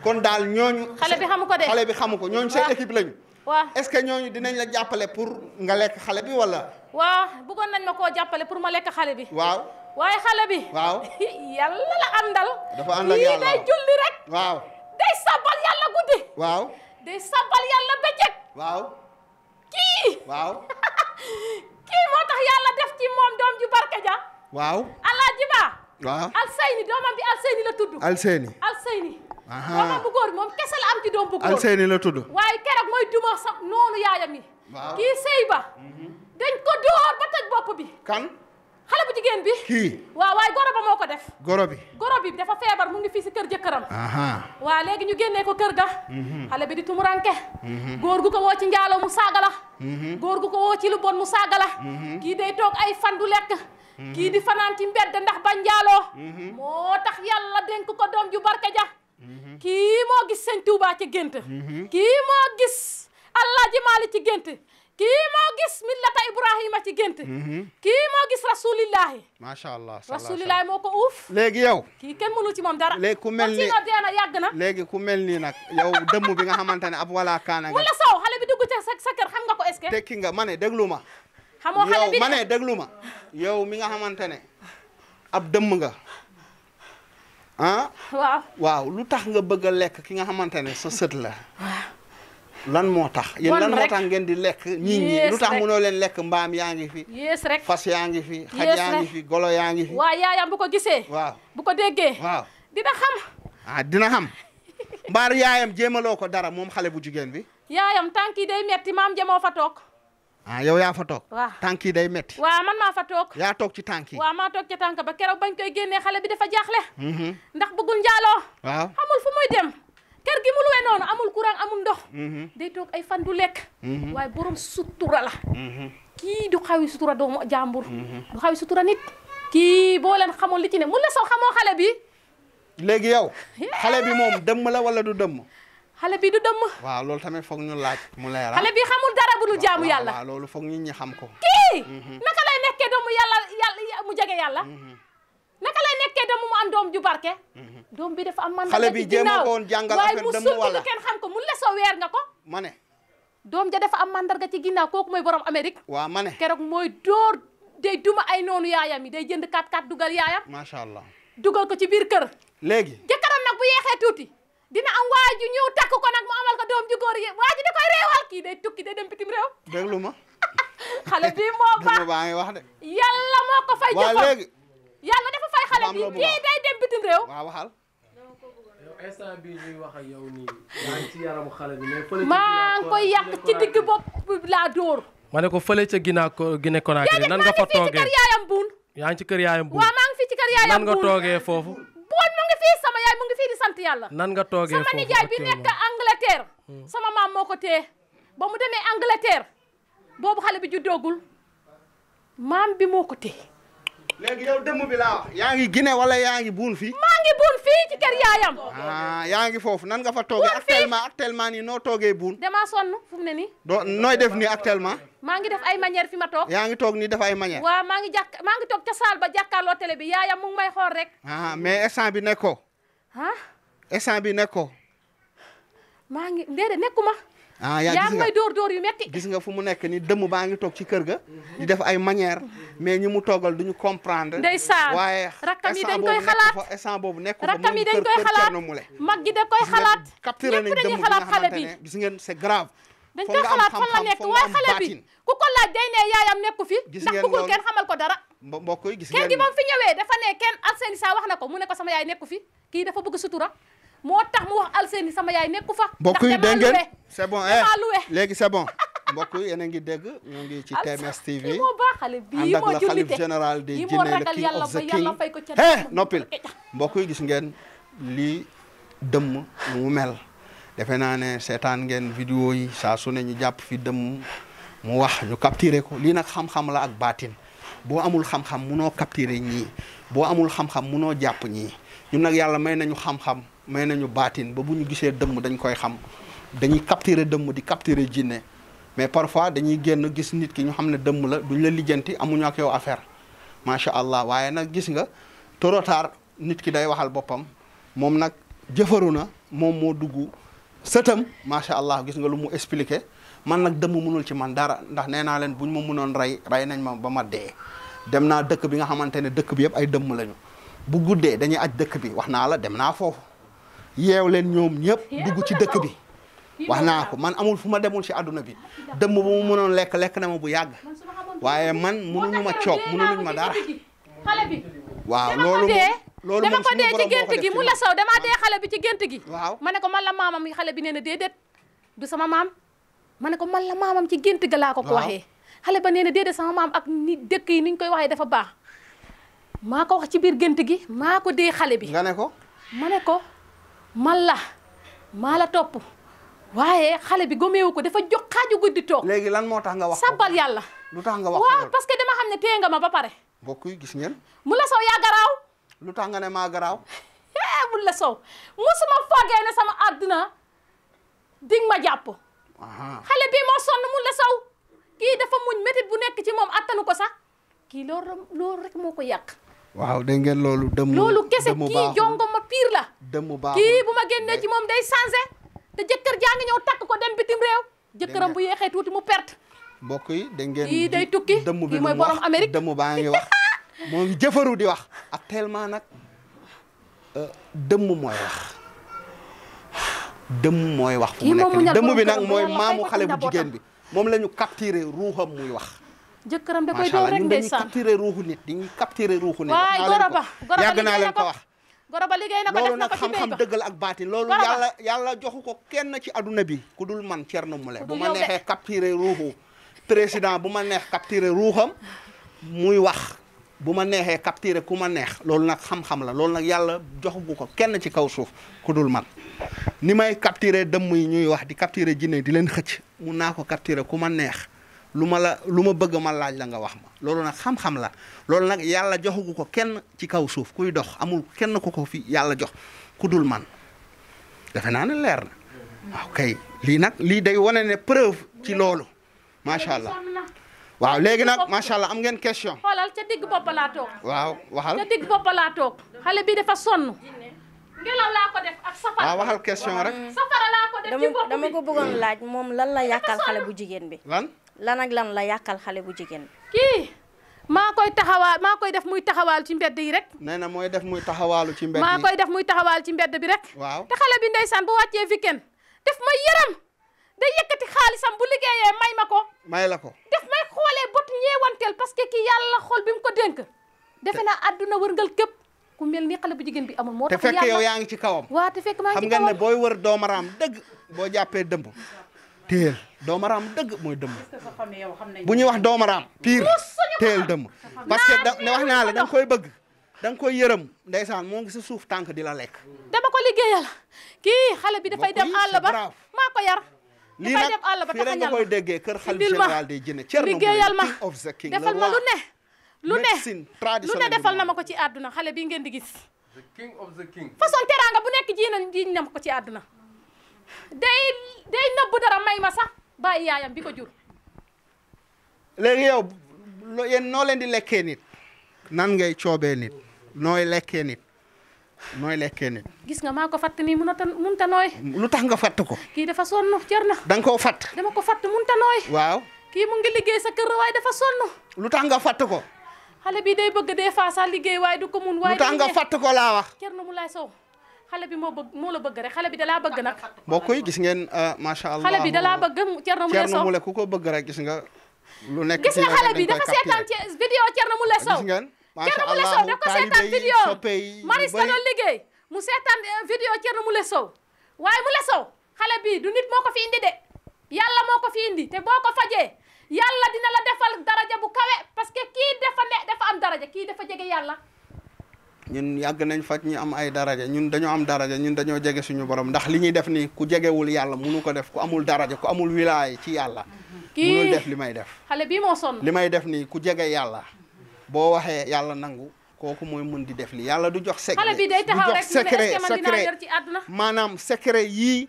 kon daal ñooñu. xale bi xamu ko de xale bi xamu ko ñooñu seen équipe lañu. waaw est-ce que ñooñu dinañ la jàppale pour nga lekk xale bi walla. waaw bëggoon nañ ma koo jàppale pour ma lekk xale bi. waaw waaye xale bi. waaw yàlla la àndal. dafa ànd ak yàlla lii day julli rek. waaw day sabbal yàlla guddi. waaw day sabbal yàlla bëccëg. waaw kii. waaw. kii moo tax yàlla def ci moom doom ju barke ja waaw alaaji ba waaw alseyni doomam bi alseyni la tudd alseyni alseyni doomam bu góor moom kese la am ci doom bu góor alseyni la tudd waaye keroog mooy duma sax noonu yaayam kii sëy ba mhm. dañ ko dóor ba tëj bopp bi xale bu jigéen bi. kii goro ba moo ko def. goro bi goro bi dafa feebar mu ngi fii si kër jëkkëram. waaw léegi ñu génnee ko kër ga. Mhm. xale bi di tumuranke mhm. góor gu ko woo ci njaalo mhm. ko woo ci lu bon mu saaga la. kii day toog ay fan du lekk. kii di fanaan ci mbedd ndax ba njaaloo. moo tax yàlla dénk ko doom ju barke ja. kii moo gis sëñ Tuubaa ci gént. kii moo gis Alaaji Maali ci gént. kii moo gis millata Ibrahima ci gént. Mhm. kii moo gis rasulillahi. macha allah rasulillahi moo ko uuf. léegi yow. kii kenn mënu ci moom dara. léegi ku mel ni kon dee ku mel nii nag yow dëmm bi nga xamante ne ab wala kaana nga. wala saw xale bi dugg ca sa kër nga ko est-ce nga ma ne déglu ma. xamoo xale bi yow ma ne déglu ma. yow mi nga xamante ne ab dëmm nga. ah. waaw lu tax nga bëgg lekk ki nga xamante ne sa sët la. lan moo tax yéen lan moo tax ngeen di lekk nit ñi lu tax mënoo leen lekk mbaam yaa ngi fi yées rek fas yaa ngi fi xaj yaa ngi fi golo yaa ngi fi waaw yaayam bu ko gisee waaw bu ko déggee waaw dina xam ah dina xam mbaar yaayam jéemaloo ko dara moom xale bu jigéen bi yaayam tànk yi day metti maam jëmoo fa toog ah, yow yaa fa toog waaw tànk yi day metti waaw man maa fa toog yaa toog ci tànk yi waaw maa tànk ba keroog bañ koy génnee xale bi dafa jaaxle mm-hmm. ndax bëggul njaaloo waaw fu muy dem kër gi mu luwee noonu amul courant amul ndox. Mm-hmm. day toog ay fan du lekk. Mm-hmm. waaye borom sutura la. Mm-hmm. kii du xawi sutura doomu jàmbur. du xawi sutura nit. kii boo leen xamoon li ci ne mun la xamoo xale bi. léegi yow. xale bi moom dëmm la wala du dëmm. xale bi du dëmm. waaw loolu tamit foog ñu laaj mu leeral. xale bi xamul dara bu dul jaamu yàlla. waaw loolu foog nit ñi xam ko. kii. naka lay nekkee doomu yàlla mu jege yàlla. naka lay nekkee dama mu am doom ju barke. doom bi dafa am man xale bi jéem a ko woon jàngal affaire dem mu wala waaye mu kenn xam ko mu la so weer nga ko. ma ne. doom ja dafa am mandarga ci ginnaaw ko mooy borom Amérique. waaw ma ne keroog mooy door day duma ay noonu yaayam yi day jënd kat kat dugal yaayam. macha allah dugal ko ci biir kër. léegi jëkkëram nag bu yeexee tuuti. dina am waa ju ñëw takk ko nag mu amal ko doom ju góor yi waa ji koy réewal kii day tukki day dem bitim réew. déglu ma. xale bii moo baax yàlla dafa fay xale bi kii day dem bitim réew yow nii yaa ngi ci maa ngi koy yàq ci digg bopp laa dóor ma ne ko fële ca ginnaaw ko Guinée Conakry nan nga fa toogee kër yaayam buun yaa ngi ci kër yaayam buun waaw maa ngi fii ci kër yaayam nan nga toogee foofu buun mu ngi fii sama yaay mu ngi fii di sant yàlla nan nga toogee sama nijaay bi nekk Angleterre hmm. sama maam moo ko téye ba mu demee Angleterre boobu xale bi juddoogul maam bi moo ko téye léegi yow dëmm bi laa yaa ngi gine wala yaa ngi buun fii maa ngi buun fii ci kër yaayam ah, yaa ngi foofu nan nga fa toogee actuellement actuellement ni noo toogee buun damaa sonn fu mu ne ni doo nooy def nii actuellement maa ngi def ay manière fi ma toog yaa ngi toog nii def ay manière waa maa ngi jàkk maa ngi toog ca saal ba jàkkaarloo télé bi yaayam mu ngi may xool rek ah, mais instant bi nekkoo ah instant bi nekkoo maa ngi déedéet nekkuma ah yaa ngi may door door yu metti gis nga fu mu nekk ni dëmm baa ngi toog ci kër ga di def ay manière mais ñi mu toogal ñu comprendre ndeysaan waaye rakkam yi dañ koy xalaat fa instant nekk rakkam yi dañ koy xalaat mule mag gi da koy xalaat capturé nañ dëmm gis ngeen c'est grave dañ koy xalaat fan la nekk waaye xale bi ku ko laaj day ne yaayam nekku fi ndax bëggul kenn xamal ko dara mbokk yi gis ngeen kër gi moom fi ñëwee dafa ne kenn Alseni wax na ko mu ne sama yaay nekku fi kii dafa bëgg sutura moo tax mu wax Alseyni sama yaay nekku fa. mbokk yi dégg ngeen c'est bon eh léegi c'est mbokk yi yéen a ngi dégg ñu ngi ci TMS TV yi moo baaxale bii moo jullite ànd ak général de Guinée le king of the king noppil mbokk yi gis ngeen li dëmm mu mel. defe naa ne seetaan ngeen vidéo yi saa su ne ñu jàpp fi dëmm mu wax ñu capturé ko lii nag xam-xam la ak baatin boo amul xam-xam munoo capturé ñii boo amul xam-xam munoo jàpp ñii ñun nag yàlla may nañu xam-xam. may nañu baatin ba bu ñu gisee dëmm dañ koy xam dañuy capturer dëmm di capturer jinne mais parfois dañuy génn gis nit ki ñu xam ne dëmm la duñ la lijjanti amuñu ak yow affaire macha allah waaye nag gis nga trop nit ki day waxal boppam moom nag jëfaru na moom moo dugg sëtam macha allah gis nga lu mu expliqué man nag dëmm munul ci man dara ndax nee naa leen ñu ma munoon rey rey nañ ma ba ma dee dem naa dëkk bi nga xamante ne dëkk bi yëpp ay dëmm lañu bu guddee dañuy aj dëkk bi wax naa la dem naa foofu. yeew leen ñoom ñëpp dugg ci dëkk bi wax naa ko man amul fu ma demul ci àdduna bi dëmm bu mu mënoon lekk lekk na ma bu yàgg waaye man mënuñu ma coob mënuñu ma dara waaw loolu loolu dama ko dee ci gént gi mu la saw xale bi ci gént gi waaw ma ne ko man la maamam xale bi nee na déedéet du sama maam ma ne ko man la maamam ci gént ga laa ko ko waxee xale ba nee na déedéet sama maam ak ni dëkk yi ni koy waxee dafa baax maa ko wax ci biir gént gi maa ko dee xale bi nga ne ko ma ne ko man la maa la topp waaye xale bi gomeewu ko dafa jox xaaju guddi toog. léegi lan moo tax nga wax sabal yàlla. lu tax nga wax waaw parce que dama xam ne téye nga ma ba pare. mbokk yi gis ngeen. mu la sow yaa garaaw. lu tax nga ne maa garaaw. mu la sow musuma foogee ne sama àdduna dig ma jàpp. xale bii moo sonn mu la kii dafa muñ métit bu nekk ci moom attanu ko sax kii loolu loolu rek moo ko yàq. waaw dégg ngeen loolu. dëmm loolu kese kii jongo ma pire la. kii bu ma génnee ci moom day changé te jëkkër jaa ñëw takk ko dem bitim réew. jëkkëram bu yeexee tuuti mu perte. mbokk yi dégg ngeen kii day tukki kii mooy borom Amérique dëmm baa ngi wax moo jëfaru di wax actuellement nag euh, dëmm mooy wax. dëmm mooy wax fu mu nekk dëmm bi nag mooy maamu xale bu jigéen bi moom lañu ñu capturé ruuxam muy wax. jëkkëram de koy dóor rek ndeysaan dañuy capturer ruuxu nit dañuy capturer ruuxu nit waay goro ba naa leen ko wax goro ba liggéey na ko def loolu nag xam-xam la ak baati loolu yàlla yàlla joxu ko kenn ci aduna bi ku dul man Thierno Moule bu ma neexee capturer ruuxu président bu ma neex capturer ruuxam muy wax bu ma neexee capturer ku ma neex loolu nag xam la loolu nag yàlla joxugu ko kenn ci kaw suuf ku dul man ni may capturer dëmm yi ñuy wax di capturer jinne di leen xëcc mun naa ko capturer ku ma neex lu ma la lu ma bëgg ma laaj la nga wax ma loolu nag xam-xam la loolu nag yàlla joxugu ko kenn ci kaw suuf kuy dox amul kenn ku ko fi yàlla jox ku dul man defe naa ne leer na waaw kay lii nag lii day wane ne preuve ci loolu macha allah waaw léegi nag macha allah am ngeen question. xoolal ca waaw waxal ca waxal question rek. ko def ci dama ko bëggoon laaj moom lan la yàqal xale bu jigéen bi lan nag lan la yàqal xale bu jigéen kii maa koy taxawaal maa koy def muy taxawaalu ci mbedd yi rek nee na mooy def muy taxawaalu ci mbedd maa koy def muy taxawaalu ci mbedd bi rek waaw te xale bi ndeysaan bu wàccee weekend def may yëram day yëkkati xaalisam bu liggéeyee may ma ko may la ko def may xoolee bot ñeewanteel parce que kii yàlla xool bi mu ko dénk defe naa àdduna wërngal képp ku mel ni xale bu jigéen bi amul moo tax te fekk yow yaa ngi ci kawam waaw te fekk maa ngi ci kawam xam nga ne booy wër doomaraam dëgg boo jàppee dëmb téel doomaraam dëgg mooy dëmm bu ñuy wax doomaraam pire teel dëmm parce que da wax naa la da koy bëgg da koy yërëm ndeysaan moo ngi si suuf tànk di la lekk dama ko liggéeyal kii xale bi dafay dem àll ba maa ko yar lii nag fii la nga déggee kër xalifa général day jëne Thierno Moule ma lu ne lu ne lu defal na ma ko ci àdduna xale bii ngeen di gis the king of the king teraanga bu nekk ji na ji na ma ko ci àdduna day day nëbb dara may ma sax bàyyi yaayam bi ko jur léegi yow yéen noo leen di lekkee nit nan ngay coobee nit nooy lekkee nit nooy lekkee nit gis nga maa ko fatt nii mun a tan mun ta nooy lu tax nga fatt ko kii dafa sonn cer na da nga koo fatt dama ko fatt mun ta nooy waaw kii mu ngi liggéey sa kër waaye dafa sonn lu tax nga fatt ko xale bii day bëgg dee faasaa liggéey waaye du ko mun waaye lu tax nga fatt ko laa wax cer na mu laay sow xale bi moo bëgg moo la bëgg rek xale bi dalaa bëgg nag mbokk yi gis ngeen ah, macha allah xale bi dalaa bëgg Thierno Moule Sow Thierno Moule ku ko bëgg rek gis nga lu nekk gis nga xale bi dafa seetaan ci vidéo Thierno Moule Sow gis ngeen Thierno Moule Sow daf ko seetaan vidéo maris la doon liggéey mu seetaan eh, vidéo Thierno Moule Sow waaye Moule Sow xale bi du nit moo ko fi indi de yàlla moo ko fi indi te boo ko fajee yàlla dina la defal daraja bu kawe parce que kii dafa ne dafa am daraja kii dafa jege yàlla ñun yàgg nañ faj ñu am ay daraja ñun dañoo am daraja ñun dañoo jege suñu borom ndax li ñuy def ni ku jegewul yàlla munu ko def ku amul daraja ku amul wilaay ci yàlla munul def li may def xale bi moo sonn li may def nii ku jege yàlla boo waxee yàlla nangu kooku mooy mën di def li yàlla du jox secret xale bi day taxaw rek secret secret maanaam secret yii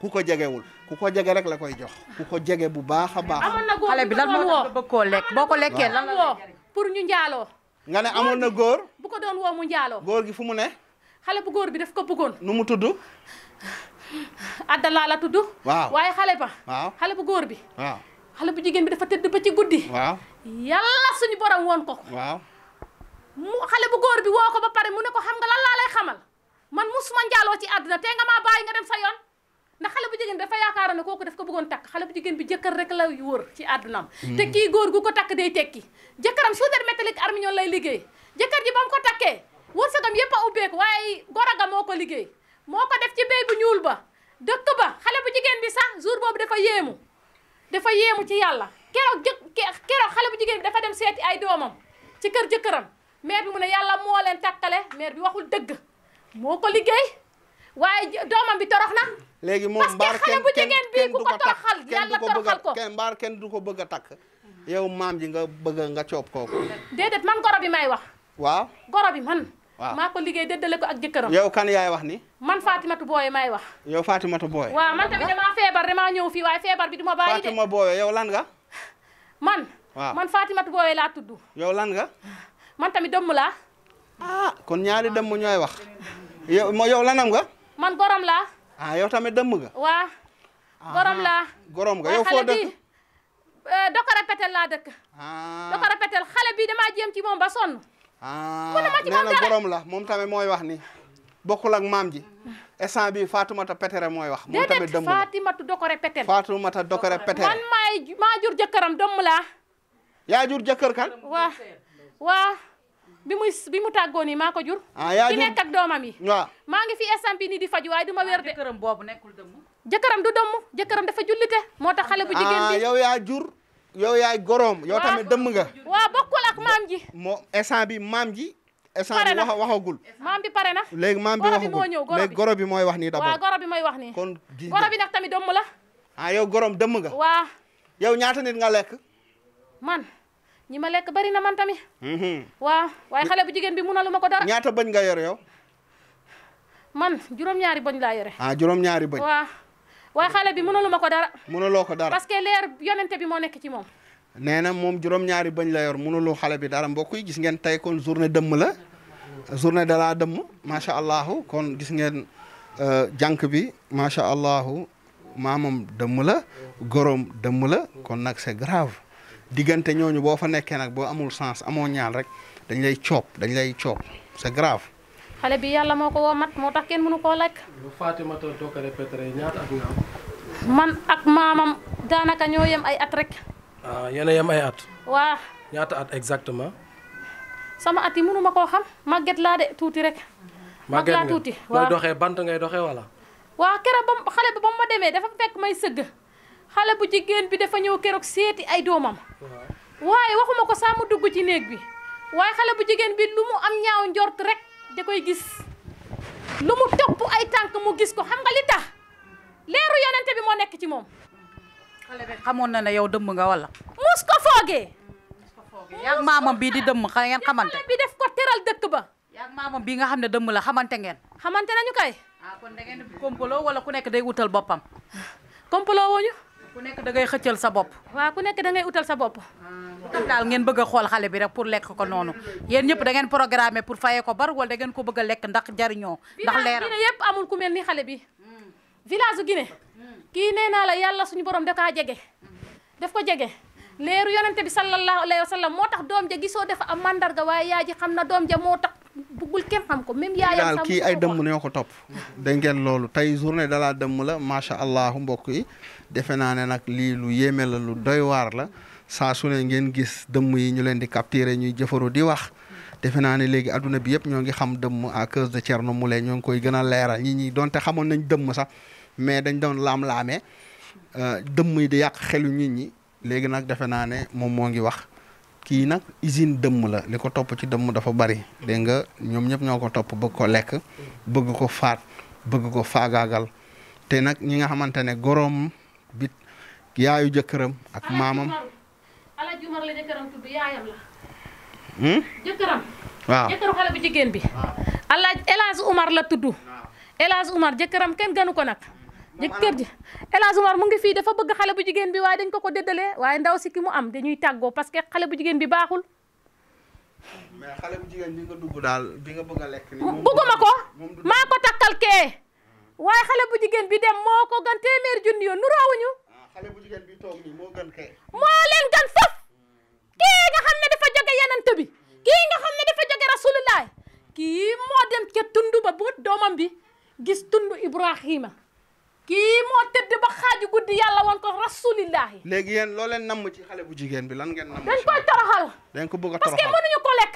ku ko jegewul ku ko jege rek la koy jox ku ko jege bu baax a baax xale bi lan koo lekk ko lekkee amoon na góor bu ko doon woo mu njaaloo góor gi fu mu ne xale bu góor bi daf ko bëggoon nu mu tudd addalaa la tudd waaw waaye xale ba waaw xale bu góor bi waaw xale bu jigéen bi dafa tëdd ba ci guddi waaw yàlla suñu borom woon ko waaw mu xale bu góor bi woo ko ba pare mu ne ko xam nga lal laa lay xamal man musuma njaaloo ci àdduna te nga maa bàyyi nga dem sa yoon ndax xale bu jigéen dafa yaakaar ne kooku daf ko bëggoon takk xale bu jigéen bi jëkkër rek la wër ci àddunaam hmm. te kii góor gu ko takk day tekki jëkkëram soudeur métallique armignon lay liggéey jëkkër ji ba mu ko takkee wërsëgam yëpp a ubbeeku waaye goraga moo ko liggéey moo ko def ci béy bu ñuul ba dëkk ba xale bu jigéen bi sax jour boobu dafa yéemu dafa yéemu ci yàlla keroog jë keroog xale bu jigéen dafa dem seeti ay doomam ci kër jëkkëram mère bi mu ne yàlla moo leen takkale mère bi waxul dëgg moo ko liggéey waaye doomam bi torox na. léegi moom mbaar kenn kenn du ko takk parce que xale bu jigéen bii ku ko toroxal yàlla kenn du ko bëgg a takk. yow maam ji nga bëgg nga coob kooku. déedéet man goro bi may wax. waaw goro bi man. waaw maa ko liggéey déddale ko ak jëkkëram. yow kan yaay wax ni. man Fatimatu Booye maay wax. yow Fatimatu Booye. waaw man tamit damaa feebar damaa ñëw fii waaye feebar bi du ma bàyyi de. Fatima Booye yow lan nga. man. laa tudd. yow lan nga. man tamit ah, kon ñaari dëmm ñooy wax. ma yow lanam nga. man gorom laa. Ah, yow tamit dëmm ga waaw. Ah, gorom laa. gorom nga yow foo dëkk eh, doko rapetel laa dëkk. doko rapetel xale bi damaa jéem ci moom ba sonn. Ah, nee na borom la moom tamit mooy wax ni bokkul ak maam ji instant bi Fatoumata Petere mooy wax moom tamit dëmm la Fatoumata Dokore Petere Fatoumata Dokore Petere man maay maa jur jëkkëram dëmm laa yaa jur jëkkër kan waa waa bi mu tàggoo nii maa ko jur ah yaa jur di maa ngi fi instant bi di faj waaye du ma ah, wér de jëkkëram boobu du dëmm jëkkëram dafa jullite moo ta xale bu jigéen bi ah, yow yaa jur yow yaay goroom yow tamit dëmm nga waaw bokkul ak maam ji. moo instant bi maam ji. pare na instant bi waxagul. maam bi pare na. léegi maam bi waxagul goro ñëw goro bi goro bi mooy wax nii d'abord. waaw goro bi mooy wax nii. kon gii goro bi nag tamit dëmm la. ah yow gorom nga. waaw. yow ñaata nit nga lekk. man ñi ma lekk bari na man tamit. Mhm. waaw waaye xale bi jigéen bi mun munaluma ko dara. ñaata bëñ nga yore yow. man juróom-ñaari bëñ laa yore. ah juróom-ñaari bañ. waaw waaye xale bi munaluma ko dara. munaloo ko dara parce que leer yonente bi moo nekk ci moom. nee na moom juróom-ñaari bañ la yor mënulu xale bi dara mbokk yi gis ngeen tey kon journée dëmm la journée de la dëmm macha allah kon gis ngeen euh, jànk bi macha allah maamam dëmm la gorom dëmm la kon nag c'est grave diggante ñooñu boo fa nekkee nag boo amul sens amoo ñaal rek dañ lay coob dañ lay coob c'est grave. xale bi yàlla moo ko woo mat moo tax kenn mënu koo lekk. ko répété ñaata at nga man ak maamam daanaka ñoo yem ay at rek. ah yéen a yem ay at. waa ñaata at exactement. sama at yi mënu koo xam màgget laa de tuuti rek. mag laa tuuti doxee bant ngay doxee wala. waa keroog ba xale ba ma demee dafa fekk may sëgg xale bu jigéen bi dafa ñëw keroog seeti ay doomam. waaye waxuma ko saa mu dugg ci néeg bi waaye xale bu jigéen bi lu mu am ñaaw njort rek da koy gis lu mu topp ay tànk mu gis ko xam nga li tax leeru yonente bi moo nekk ci moom. xale bi xamoon na ne yow dëmm nga wala. mus ko foogee. mus maamam bii di dëmm xa ngeen xamante bi def ko teral dëkk ba. yaa maamam bii nga xam ne dëmm la xamante ngeen. xamante nañu kay. ah kon da wala ku nekk day utal boppam. komplo wuñu. ku nekk da ngay xëccal sa bopp. waa ku nekk da ngay utal sa bopp. Ah, utal daal ngeen bëgg xool xale bi rek pour lekk ko noonu yéen ñëpp da ngeen programmé pour fayee ko bar wala da ngeen ko bëgg lekk ndax jariñoo. ndax leeral bi amul ku ni village su kii nee naa la yàlla suñu borom da kaa jege daf ko jege leeru yonente bi sallallahu alayhi wa moo tax doom ja gisoo dafa am mandarga waaye yaa xam na doom ja moo tax buggul kenn xam ko même yaayam daal kii ay dëmm ñoo ko topp da ngeen loolu tey journée de la dëmm la macha mbokk yi defe naa ne nag lii lu yéeme la lu doy waar la saa su ne ngeen gis dëmm yi ñu leen di capturer ñuy jëfaru di wax defe naa ne léegi adduna bi yëpp ñoo ngi xam dëmm à cause de Thierno Moule ñoo ngi koy gën a leeral ñi ñi donte nañ dëmm sax mais dañ doon laam-laamee euh, dëmm yi di yàq xelu nit ñi léegi nag defe naa ne moom moo ngi wax kii nag usine dëmm la li ko topp ci dëmm dafa bari dégg nga ñoom ñëpp ñoo ko topp bëgg ko lekk bëgg ko faat bëgg ko faagaagal te nag ñi nga xamante ne goroom bi yaayu jëkkëram ak maamam. Alaaji Umar la jëkkëram tudd hmm? Umar la kenn gënu ko nag. jëkkër ji El Hadj Omar mu ngi fii dafa bëgg xale bu jigéen bi waaye dañ ko ko déddalee waaye ndaw sikki mu am dañuy tàggoo parce que xale bu jigéen bi baaxul mais xale bu jigéen bi nga dugg daal bi nga bëgg a lekk ni bugguma ko maa ko takkal kee waaye xale bu jigéen bi dem moo ko gën téeméer junni yoon nu raawuñu ah, xale bu jigéen bi toog moo gën kee moo leen gën foof kii nga xam ne dafa jóge yenant bi kii nga xam ne dafa jóge rasulullah kii moo dem ca tund ba bu doomam bi gis tund Ibrahima kii moo tëdd ba xaaju guddi yàlla wan ko rasulillahi. léegi yéen loo leen namm ci xale bu jigéen bi lan ngeen. namm dañ koy toroxal. dañ ko bëgg a toroxal parce que mënuñu ko lekk.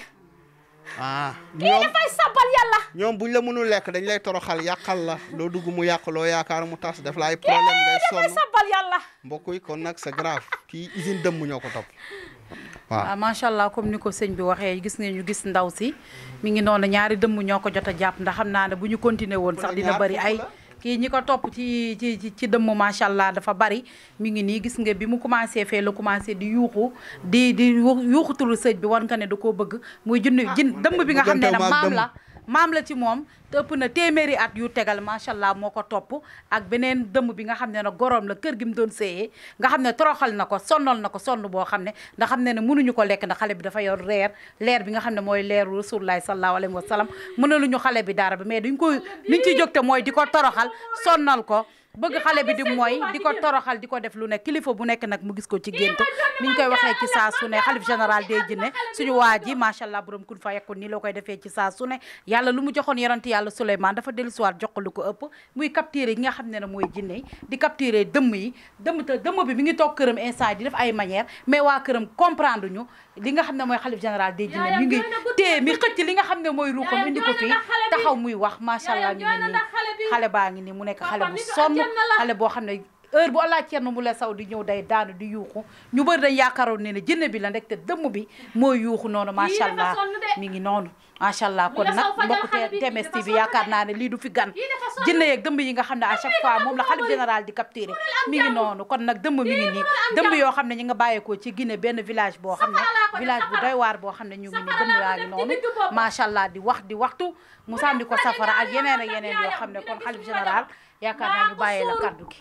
ah ñoom kii dafay sabal yàlla. ñoom buñ la mënul lekk dañ lay toroxal yàqal la loo dugg mu yàq loo yaakaar mu tas def la ay problème ngay sonn kii dafay sabal yàlla. mbokk yi kon nag c'est grave. kii usine dëmm ñoo ko topp. waaw ah, macha allah comme ni ko sëñ bi waxee gis ngeen ñu gis ndaw si mi ngi noonu ñaari dëmm ñoo ko jot a jàpp ndax xam naa ne bu ñu continuer woon sax dina bari ay kii ñi ko topp ci ci ci dëmm macha allah dafa bari mu ngi nii gis nga bi mu commencé fee la commencé di yuuxu di di yuuxutul sëñ bi war nga ne da koo bëgg muy junni jin dëmm bi nga xam ne ne maam la maam la ci moom tëpp na téeméeri at yu tegal macha allah moo ko topp ak beneen dëmm bi nga xam ne nag goroom la kër gi mu doon séyee nga xam ne toroxal na ko sonnal na ko sonn boo xam ne ndax xam ne ne mënuñu ko lekk ndax xale bi dafa yor reer leer bi nga xam ne mooy leeru rasulullahi sallallahu alayhi wa lu ñu xale bi dara bi mais duñ koy liñ ci jóg te mooy di ko toroxal sonnal ko bëgg xale bi di mooy di ko toroxal di ko def lu ne kilifa bu nekk nag mu gis ko ci gént ni ñu koy waxee ci saa su ne xalif général day jinne suñu waa ji macha allah borom kun fa yekkoon nii loo koy defee ci saa su ne yàlla lu mu joxoon yonent yàlla Souleymane dafa dellusiwaat jox ko lu ko ëpp muy capturé yi nga xam ne ne mooy jinne di capturé dëmm yi dëmm te dëmm bi mi ngi toog këram instant di def ay manière mais waa këram comprendre ñu li nga xam ne mooy xale général de dina mi ngi téye mi xëcc li nga xam ne mooy ruuxam ni ko fii taxaw muy wax macha allah nii xale baa ngi nii mu nekk xale bu sonn xale boo xam ne heure bu allah ceerno mu la saw di ñëw day daanu di yuuxu ñu bëri dañ yaakaaroon ne ne jënn bi la rek te dëmm bi mooy yuuxu noonu macha allah mi ngi noonu macha allah kon nag mbokku TMS TV yaakaar naa ne lii du fi gan jënd yeeg dëmb yi nga xam ne a chaque fois moom la xalif général di capturé mi ngi noonu kon nag dëmb mi dëmb yoo xam ne ñi nga bàyyeekoo ci Guinée benn village boo xam ne village bu doy waar boo xam ne ñu ngi nii dëmb yaa ngi noonu macha allah di wax di waxtu mu sànni ko safara ak yeneen ak yeneen yoo xam ne kon xalif général yaakaar naa ñu bàyyee la kaddu gi.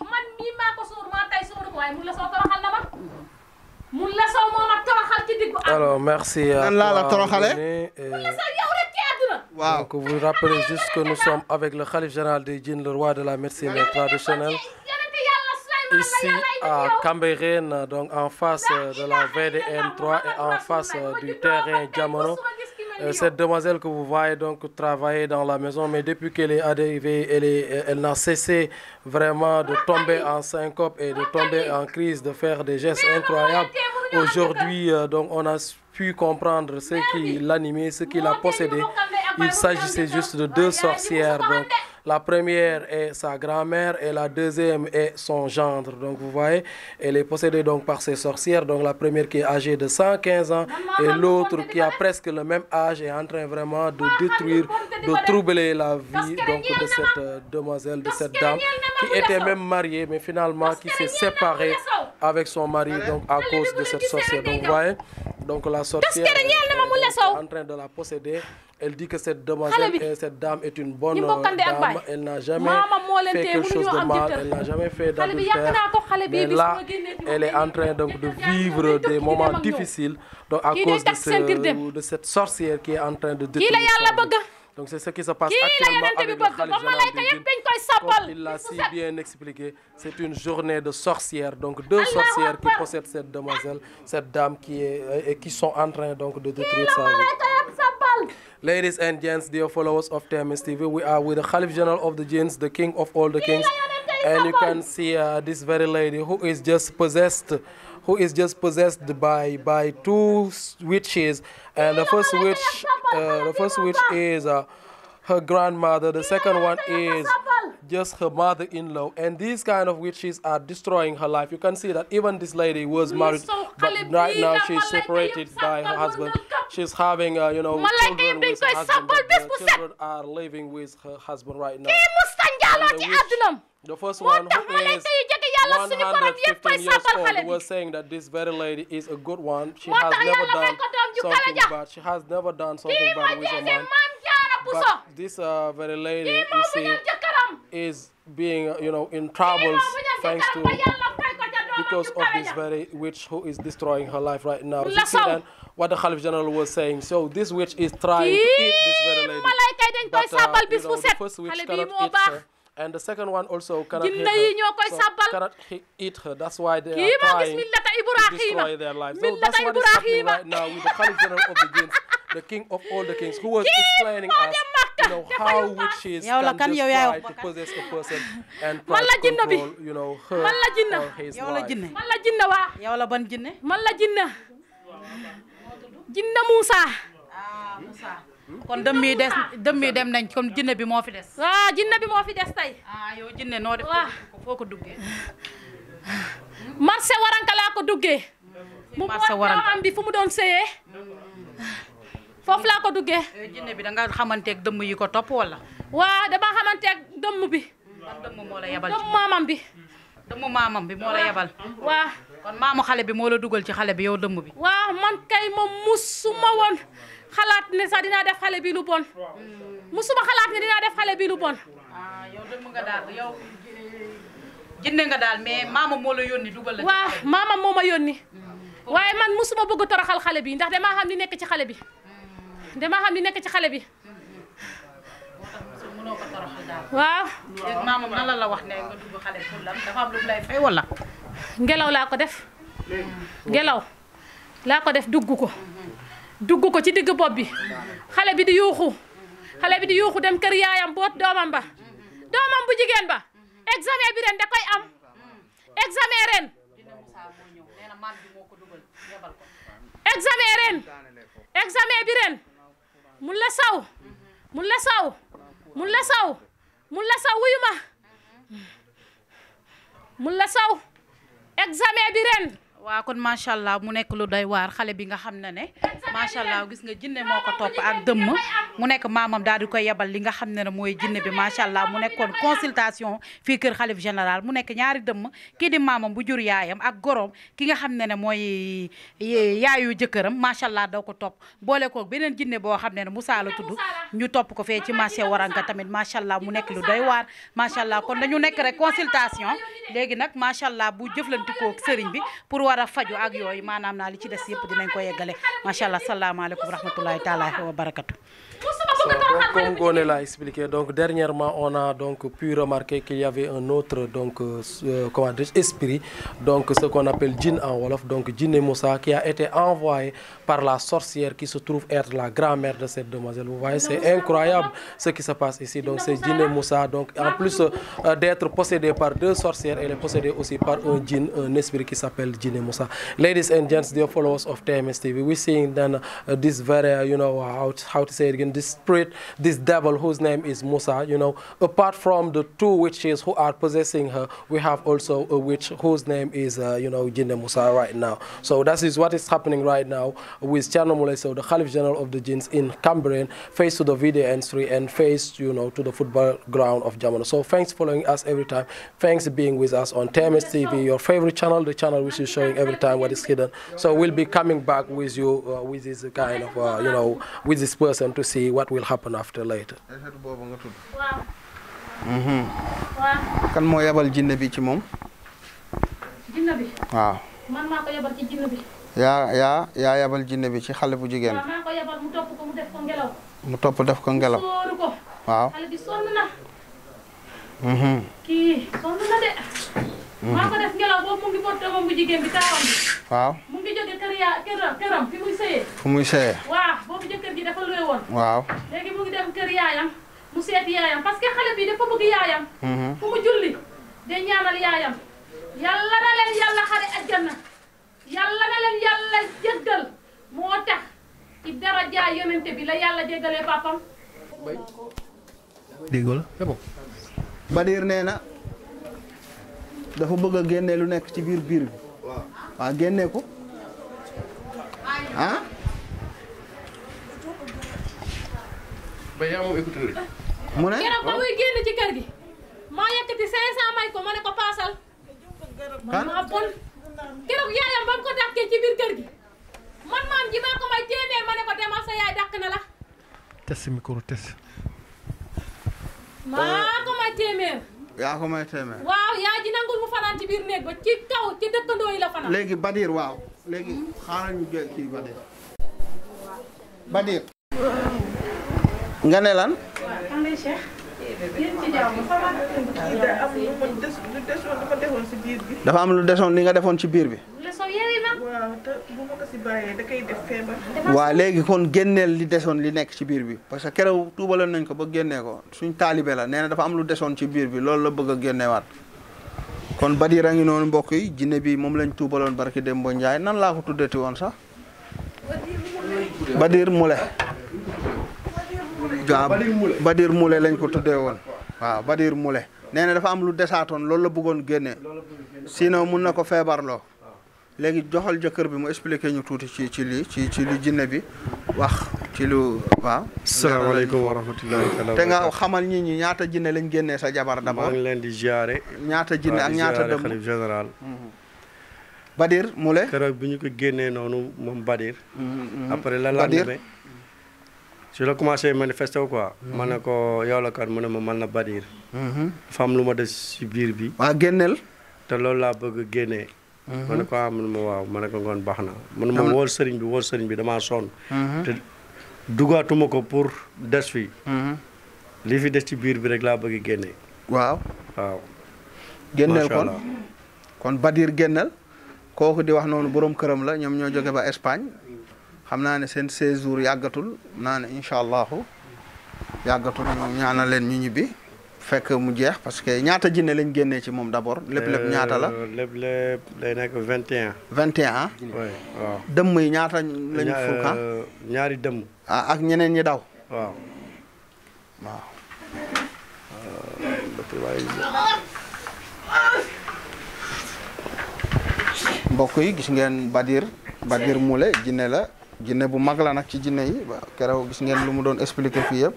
mun la soo moom a toroxal ci diggu àdduna. alors merci à nan laa la toroxalee. mun la soo yow rek ci àdduna. waaw donc vous rappelez juste que nous sommes avec le khalife général des djinns le roi de la médecine traditionnelle. ici à Cambérène donc en face euh, de la VDN 3 et en face euh, du terrain Diamono. Euh, cette demoiselle que vous voyez donc travailler dans la maison, mais depuis qu'elle est arrivée, elle, est, elle n'a cessé vraiment de tomber en syncope et de tomber en crise, de faire des gestes incroyables. Aujourd'hui, euh, donc, on a pu comprendre ce qui l'animait, ce qui l'a possédé. Il s'agissait juste de deux sorcières. Donc, la première est sa grand-mère et la deuxième est son gendre. Donc vous voyez, elle est possédée donc par ses sorcières. Donc la première qui est âgée de 115 ans et l'autre qui a presque le même âge est en train vraiment de détruire, de troubler la vie donc de cette euh, demoiselle, de cette dame qui était même mariée mais finalement qui s'est séparée avec son mari donc à cause de cette sorcière. Donc vous voyez, donc la sorcière est en train de la posséder. elle dit que cette demoiselle cette dame est une bonne dame elle n'a jamais fait quelque chose de mal elle n'a jamais fait d'adultère mais là elle est en train donc de vivre des moments difficiles donc à cause de, de cette sorcière qui est en train de détruire donc c'est ce qui se passe actuellement l'a si bien expliqué c'est une journée de sorcières donc deux sorcières qui possèdent cette demoiselle cette dame qui est euh, et qui sont en donc de détruire sa vie ladies and gents dear followers of TMS TV we are with the Khalif General of the Jinns the king of all the kings and you can see uh, this very lady who is just possessed by two witches and the first which uh, is uh, her grandmother the second one is her mother-in-law and these kind of witches are destroying her life you can see that even this lady was married but right now separated by her husband she's having uh, you children are living with her husband right now and yàlla suñu borom yëpp fay saabal xale bi. was saying that this very lady is a good one. she has never done something bad she has never done something bad with a man. but this uh, very lady you see is being you know in troubles thanks to because of this very witch who is destroying her life right now. you see then what the Khalif General was saying so this witch is trying to eat this very lady. but uh, you know the first witch cannot eat her. and the second one also cannot jinne yi ñoo koy sabbal cannot eat her that's why they are trying to destroy their lives so that's what is happening right now with the Khalif general of the jinns the king of all the kings who was explaining us you know how a person yow la ban kon dëmm yi des dëmm dem nañ kon jinne bi moo fi des. waaw ah, jinne bi moo fi des tay ah yow jinne noo def. waaw ko duggee. marché waranka laa ko duggee. mu waranka am bi fu mu doon sëyee. laa ko duggee. Eh, jinne bi da nga dëmm yi ko topp wala. waa dama xamanteeg dëmm bi. man dëmm moo la maamam bi. dëmm moo la yebal. waa maamu xale bi moo la dugal ci xale bi yow dëmm bi. waaw man kay moom musuma woon. xalaat ne sax dinaa def xale bi lu bon musuma xalaat ne dinaa def xale bi lu bon ah yow dem nga daal yow jënd daal mais maama moo la yónni dugal la waaw moo ma yónni mm. waaye man musuma bëgg toroxal xale bi ndax demaa xam li nekk ci xale bi damaa xam li nekk ci xale bi mm. waaw. léegi maamam nan la wax ne nga dugg xale ngelaw laa ko def. Mm. ngelaw laa ko def dugg ko. Mm-hmm. dugg ko ci digg bopp bi bi di yuuxu xale bi di yuuxu dem kër yaayam boot doomam ba doomam bu jigéen ba examen bi da koy am examen ren examen ren mun la saw mun la saw mun la saw la saw wuyu ma mun la saw examen bi waaw kon macha allah mu nekk lu doy waar xale bi nga xam ne ne macha allah gis nga jinne moo ko topp ak dëmm mu nekk maamam daal di koy yebal li nga xam ne ne mooy jinne bi macha allah mu nekkoon consultation fii kër xalif général mu nekk ñaari dëmm kii maamam bu jur yaayam ak goroom ki nga xam ne ne mooy yaayu jëkkëram macha allah daw ko topp boole ko beneen jinne boo xam ne ne Moussa tudd ñu topp ko fee ci marché waranka tamit macha allah mu nekk lu doy waar macha allah kon dañu nekk rek consultation léegi nag macha allah bu jëflantikoo sëriñ bi pour war a ak yooyu maanaam naa li ci des yëpp dinañ ko yeggale macha allah salaamaaleykum rahmatullahi taala wa barakatu comme Ngoné l'a expliqué donc dernièrement on a donc pu remarquer qu'il y avait un autre donc euh, euh comment dire esprit donc ce qu'on appelle djinn en wolof donc Djiné Moussa qui a été envoyé par la sorcière qui se trouve être la grand-mère de cette demoiselle vous voyez c'est incroyable ce qui se passe ici donc c'est Djiné Moussa donc en plus euh, d'être possédé par deux sorcières elle est possédée aussi par un djinn un esprit qui s'appelle Djiné Moussa ladies this spirit, this devil whose name is Musa, you know, apart from the two witches who are possessing her, we have also a witch whose name is, uh, you know, Jinne Musa right now. So that is what is happening right now with Thierno Moule Sow, the Khalif General of the Jinns in Cambérène, face to the video industry and face, you know, to the football ground of Jamono. So thanks for following us every time. Thanks being with us on TMS TV, your favorite channel, the channel which is showing every time what is hidden. So we'll be coming back with you, uh, with this kind of, uh, you know, with this person to see see what will happen boobu nga tudd. Mhm. kan moo yabal jinne bi ci moom. waaw. man maa ko bi. yaa yaa yaa yabal jinne bi ci xale bu jigéen. mu topp def ko ngelaw. waaw Mhm. maa ko def ngelaw boobu mu ngi boot doomam bu jigéen bi taawam bi. waaw mu ngi jóge kër yaa këram këram fi muy sëyee. fu muy sëyee. waaw boobu jëkkër ji dafa luwe woon. waaw léegi mu ngi dem kër yaayam mu seeti yaayam parce que xale bi dafa bëgg yaayam. Mhm. fu mu julli day ñaanal yaayam. yàlla na leen xare àjjana yàlla na leen yàlla jéggal moo tax ci daraja yonente bi la yàlla jéggalee papam. dégg nee na. dafa bëgg a génne lu nekk ci biir biir bi waaw génne ko ah. ba ba muy génn ci kër gi. maa yëkkati 500 may ko ma ne ko paasal. kan maa ah, bon keroog yaayam ba mu ko dàqee ci biir kër gi. man maam ji maa ko may téeméer ma ne ko demal yaay dàq na la. test micro test. maa ko may téeméer. yaa ko may téeméer. waaw yaa ji nangul fanaan ci biir néeg ba ci kaw ci dëkkandoo yi la fanaan. léegi Badir waaw. léegi xaaral ñu jël kii Badir. Badir. nga ne lan. dafa am lu desoon li nga defoon ci biir bi. te waaw léegi kon génneel li desoon li nekk ci biir bi parce que kerew tuubaloon nañ ko ba génnee ko suñ taalibe la nee na dafa am lu desoon ci biir bi loolu la bëgg a génneewaat. kon Badira ngi noonu mbokk yi jinne bi moom lañ tuubaloon barki Demba Ndiaye nan laa ko tuddati woon sax. Badir Mule. waaw Badir Mule lañ ko tuddee woon waaw Badir Mule nee na dafa am lu desaatoon loolu la bëggoon génne sinon mun na ko feebar loo léegi joxal jëkkër bi mu expliqué ñu tuuti ci ci li ci ci li jinne bi wax ci lu waaw wa rahmatullahi taala te nga xamal ñi ñi ñaata jinne lañ génnee sa jabar d'abord maa leen di ziare ñaata jinne ak ñaata dem xalif général mhm. Badir mu le keroog bi ñu ko génnee noonu moom Badir mhm, mhm. après la lendemain su la commencé manifester wu quoi. ma ne ko yow mu ne ma man na Badir dafa lu ma des si biir bi. waa génneel te loolu laa bëgg génnee ma ne ko ah man ma waaw ma ne ko ngoon baax na man ma wool sëriñ bi wool sëriñ bi damaa sonn mhm. te dugaatuma ko pour des fi mhm. li fi des ci biir bi rek laa bëgg génne waaw waaw génneel kon kon Badir génneel kooku di wax noonu boroom këram la ñoom ñoo joge ba Espagne xam naa ne seen séjour yàggatul naa ne incha allahu yàggatul ñoom ñaanal leen ñu ñibbi fekk mu jeex parce que ñaata jinne lañ génnee ci moom d' abord. lépp ñaata la euh, lépp lépp day nekk vingt et vingt et un. Ah? dëmm yi ñaata lañ. fukk ah? euh, ñaari dëmm. Ah, ak ñeneen ñi daw. waaw mbokk yi gis ngeen badiir Badir Moule jinne la jinne bu mag la nag ci jinne yi keroog gis ngeen lu mu doon expliqué fii yëpp.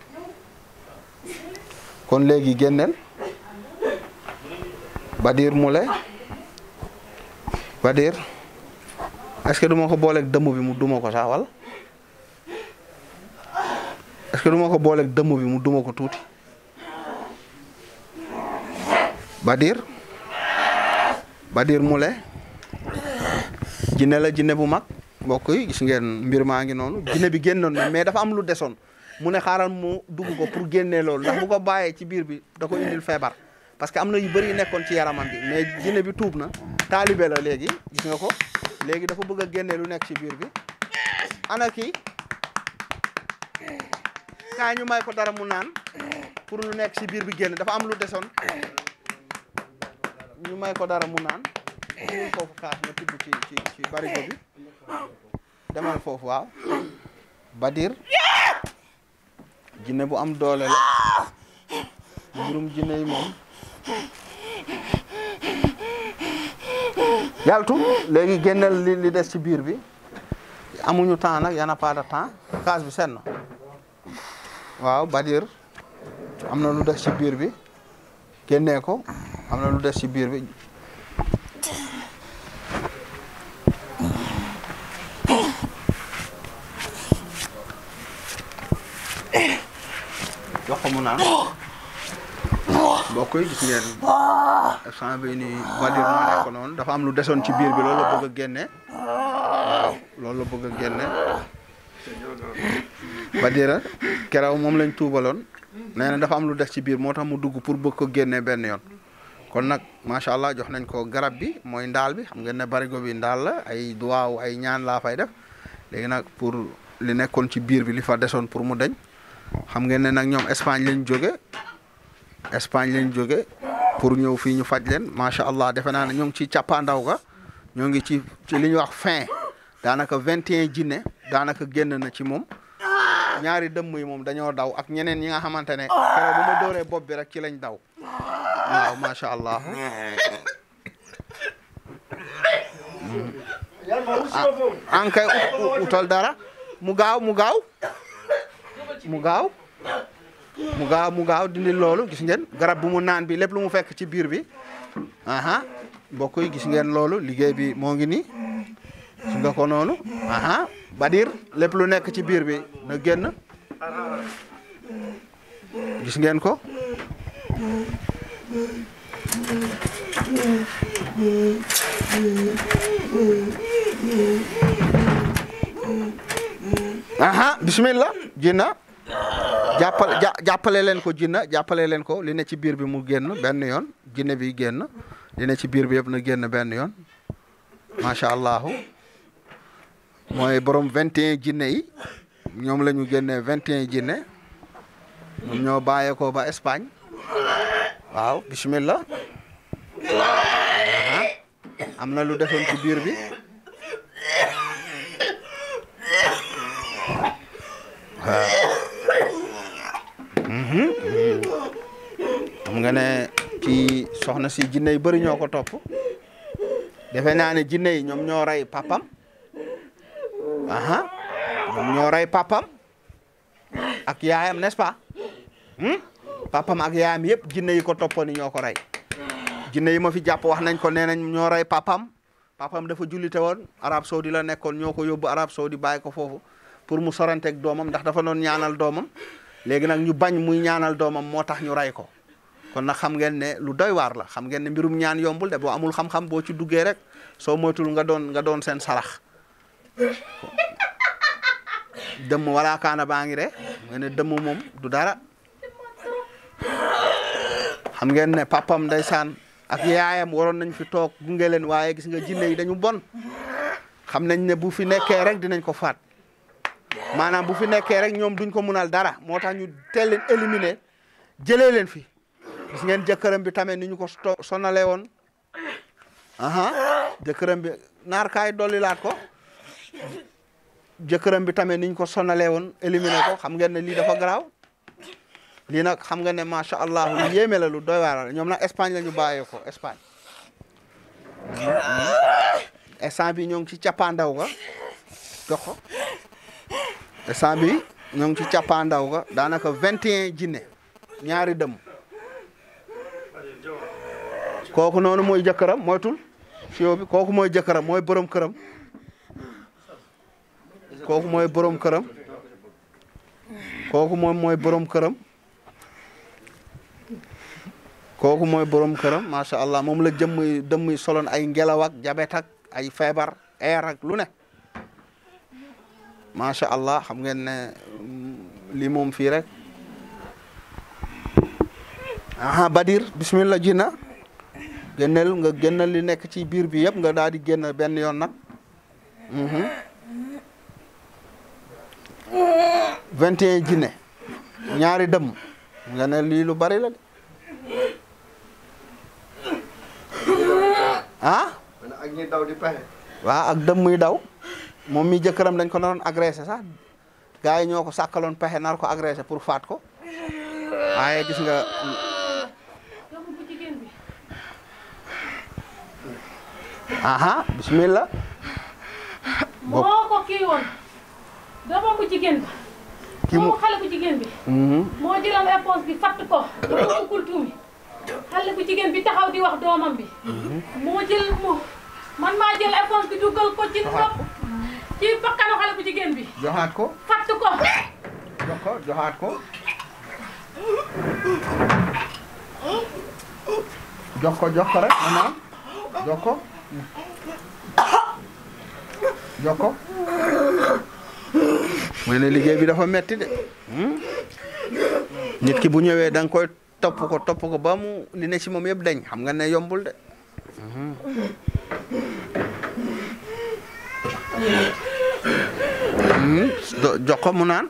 kon léegi génneel Badir Moulé Badir est-ce que duma ko booleeg dëmm bi mu duma ko sax wala est-ce que duma ko booleeg dëmm bi mu duma ko tuuti Badir Badir Moulé jinne la jinne bu mag mbokk yi gis ngeen mbir maa ngi noonu jinne bi génnoon na mais dafa am lu desoon mu ne xaaral mu dugg ko pour génnee loolu ndax bu ko bàyyee ci biir bi da ko indil feebar parce que am na yu bëri yu nekkoon ci yaramam bi mais jinne bi tuub na taalibe la léegi gis nga ko léegi dafa bëgg a génne lu nekk ci biir bi ana kii kaa ñu may ko dara mu naan pour lu nekk ci biir bi génn dafa am lu desoon ñu may ko dara mu naan ñu foofu kaas nga tibb ci ci ci bi demal foofu waaw Badir jinne bu am doole la mbirum jinne yi moom yàltu léegi génnal li li des ci biir bi amuñu temps nag yana pas de temps kaas bi senn Badir am na lu des ci biir bi génnee ko am na lu des ci biir bi jox mu naan mbokk yi gis ngeen sang bi ni valir ko noonu dafa am lu desoon ci biir bi loolu la bëgg a génne Badira keroog moom lañ tuubaloon nee na dafa am lu des ci biir moo tax mu dugg pour bëgg ko génne benn yoon kon nag macha allah jox nañ ko garab bi mooy ndaal bi xam ngeen ne barigo bi ndaal la ay duwaaw ay ñaan laa fay def léegi nag pour li nekkoon ci biir bi li fa desoon pour mu deñ xam ngeen ne nag ñoom Espagne lañ jóge Espagne lañ jóge pour ñëw fii ñu faj leen macha allah defe naa ne ñoo ngi ci càppaandaw ga ñoo ngi ci ci li ñuy wax fin daanaka 21 jinne daanaka génn na ci moom ñaari dëmm yi moom dañoo daw ak ñeneen ñi nga xamante ne keroog bopp bi rek ci lañ daw macha allah. an kay utal dara mu gaaw mu gaaw mu gaaw mu gaaw mu gaaw dindi loolu gis ngeen garab bu mu naan bi lépp lu mu fekk ci biir bi aha mbokk yi gis ngeen loolu liggéey bi moo ngi nii gis nga ko noonu badir lépp lu nekk ci biir bi na génn gis ngeen ko aha bismillah jinna jàppale leen ko jinna jàppale leen ko li ne ci biir bi mu génn benn yoon jinne bi génn li ci biir bi yëpp na génn benn yoon macha allah mooy borom 21 jinne yi ñoom la ñu génnee 21 jinne ñoom ñoo bàyyeekoo ba Espagne waaw bismillah am na lu defoon ci biir bi. Mm-hmm. xam nga ne kii soxna si jinne yu bëri ñoo ko topp defe naa ne jinne yi ñoom ñoo rey papam aha ñoom papam ak yaayam n'est-ce pas hmm? papam ak yaayam yëpp jinne yi ko toppo ni ñoo ko rey jinne yi ma fi jàpp wax nañ ko nee nañ ñoo rey papam papam dafa jullite woon Arab Saoudi la nekkoon ñoo ko yóbbu Arab Saoudi bàyyi ko foofu pour mu soranteeg doomam ndax dafa noon ñaanal doomam léegi nag ñu bañ muy ñaanal doomam moo tax ñu ray ko kon nag xam ngeen ne lu doy waar la xam ngeen ne mbirum ñaan yombul de boo amul xam-xam boo ci duggee rek soo moytul nga doon nga doon seen sarax dëmm wala kaana baa ngi re nga ne dëmm moom du dara xam ngeen ne papam ndeysaan ak yayam waroon nañ fi toog gunge leen waaye gis nga jinne yi dañu bon xam nañ ne bu fi nekkee rek dinañ ko faat maanaam bu fi nekkee rek ñoom duñ ko munal dara moo tax ñu teel leen éliminer jëlee leen fi gis ngeen jëkkëram bi tamit ni ñu ko sonalee woon aha jëkkëram bi naar kaay dolli ko jëkkëram bi tamit ni ñu ko sonalee woon éliminer ko xam ngeen ne lii dafa garaaw lii nag xam nga ne macha allah lu yéeme la lu doy waar ñoom na Espagne la ñu bàyyee ko Espagne instant bi ñoo ngi ci cappaandaw ga jox instant bi ñoo ngi ci cappaandaw ga daanaka vingt et un ñaari dëmm kooku noonu mooy jëkkëram mooy tul fio bi kooku mooy jëkkëram mooy borom këram kooku mooy borom këram kooku moom mooy borom këram kooku mooy borom këram allah moom la jëmm dëmm yi ay ngelaw ak jabet ay feebar air ak lu ne macha allah xam ngeen ne mm, li moom fii rek aha Badir bismillah ji nga génneel li nekk ci biir bi yëpp nga daal di génn benn yoon nag mhm. vingt et un jinne ñaari dëmm nga ne lii lu bari la de ah ak ñi dëmm muy daw moom mi jëkkëram dañ ko naroon agressé sax gars yi ñoo ko sàkkaloon pexe nar ko agressé pour faat ko waaye gis nga aha bismillah jigéen mu bi mm-hmm. moo jëlam éponge bi fatt ko doomam bi mm-hmm. moo jël mu man maa jël éponge bi dugal ko ci ci bakkanu xale bu jigéen bi. joxaat ko. fatt ko. joxaat ko. jox ko jox ko jox ko. jox ko. mooy ne liggéey bi dafa metti de. Hmm? nit ki bu ñëwee dang koy topp ko topp ko ba mu li ne ci moom yëpp dañ xam nga ne yombul de. Hmm. jox ko mu naan.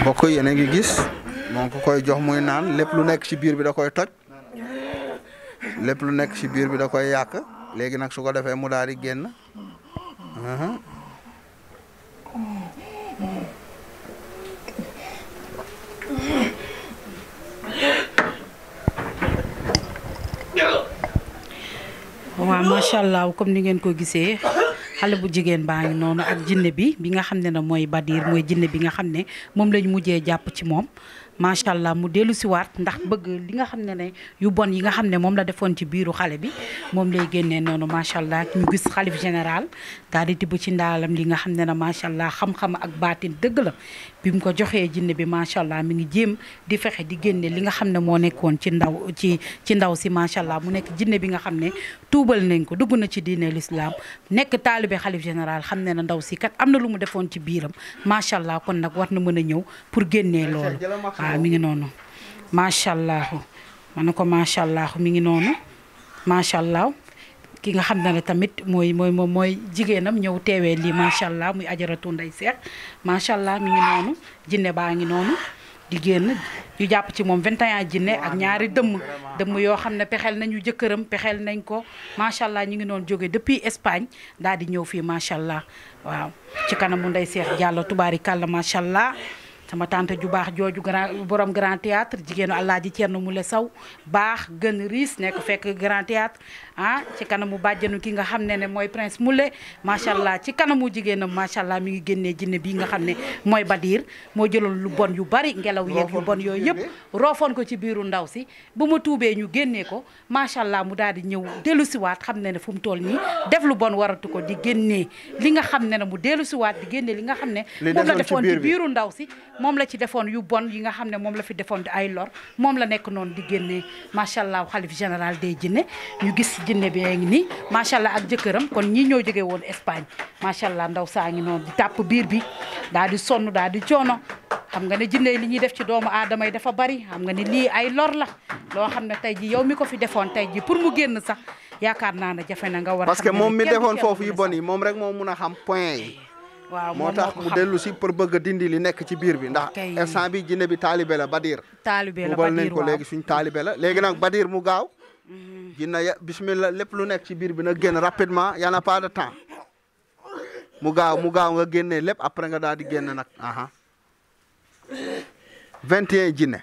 mbokk yi yéen a ngi gis moo koy jox muy naan lépp lu nekk ci biir bi da koy toj lépp lu nekk ci biir bi da koy yàq léegi nag su ko defee mu daal di génn. waaw macha allah comme ni ngeen ko gisee xale bu jigéen baa ngi noonu ak jinne bi bi nga xam ne na mooy Badir mooy jinne bi nga xam ne moom lañu mujjee jàpp ci moom macha allah mu dellu si waat ndax bëgg li nga xam ne na yu bon yi nga xam ne moom la defoon ci biiru xale bi moom lay génnee noonu macha allah ñu gis xalif général daal di ci ndaalam li nga xam ne ne macha allah xam ak baatin dëgg la bi mu ko joxee jinne bi macha allah mi ngi jéem di fexe di génne li nga xam ne moo nekkoon ci ndaw ci ci ndaw si macha allah mu nekk jinne bi nga xam ne tuubal nañ ko dugg na ci diine l'islam nekk taalibe xalif général xam ne na ndaw si kat am na lu mu defoon ci biiram macha allah kon nag war na mën a ñëw pour génnee loolu waaw mi ngi noonu macha allah ma ne ko macha allah mi ngi noonu macha allah ki nga xam ne la tamit mooy mooy moom mooy jigéenam ñëw teewee lii macha allah muy ajaratu nday seex macha allah mi ngi noonu jinne baa ngi noonu di génn ñu jàpp ci moom 21 jinne ak ñaari dëmm dëmm yoo xam ne pexeel nañu jëkkëram pexeel nañ ko macha allah ñu ngi noonu jóge depuis Espagne daal di ñëw fii macha allah waaw ci kanamu nday seex jàll tubaari kàlla macha allah sama tante ju baax jooju grand borom grand théâtre jigéenu Alaaji mu la Sow baax gën riis nekk fekk grand théâtre ah ci kanamu bàjjanu ki nga xam ne ne mooy prince Moule macha allah ci kanamu jigéenam macha allah mi ngi génnee jinne bii nga xam ne mooy Badir moo jëloon lu bon yu bari ngelaw yeeg bon yooyu yëpp roofoon ko ci biiru ndaw si bu ma tuubee ñu génnee ko macha allah mu daal di ñëw dellu siwaat xam ne ne fu mu toll nii def lu waratu ko di génnee li nga xam ne ne mu dellu siwaat di génnee li nga xam ne moom la defoon ci biiru ndaw si moom la ci defoon yu bon yi nga xam ne moom la fi defoon di ay lor moom la nekk noonu di génnee macha allah xalif général des jinne ñu gis jinne bi ngi nii macha allah ak jëkkëram kon ñii ñoo jóge woon Espagne macha allah ndaw saa ngi noonu di tàpp biir bi daal di sonn daal di coono xam nga ne jinne li ñuy def ci doomu aadama yi dafa bari xam nga ne lii ay lor la loo xam ne tey ji yow mi ko fi defoon tey ji pour mu génn sax yaakaar naa ne jafe na nga war parce que moom mi defoon foofu yu bon moom rek moo mun a xam point yi waaw moo tax mu dellu si pour bëgg a dindi li nekk ci biir bi ndax instant bi jinne bi taalibe la Badir taalibe la Badir waaw nañ ko léegi suñ taalibe la léegi nag Badir mu gaaw jinna ya bismillah lépp lu nekk ci biir bi na génn rapidement y en a pas temps mu gaaw mu gaaw nga génne lépp après nga daal di génn nag aha vingt et un jinne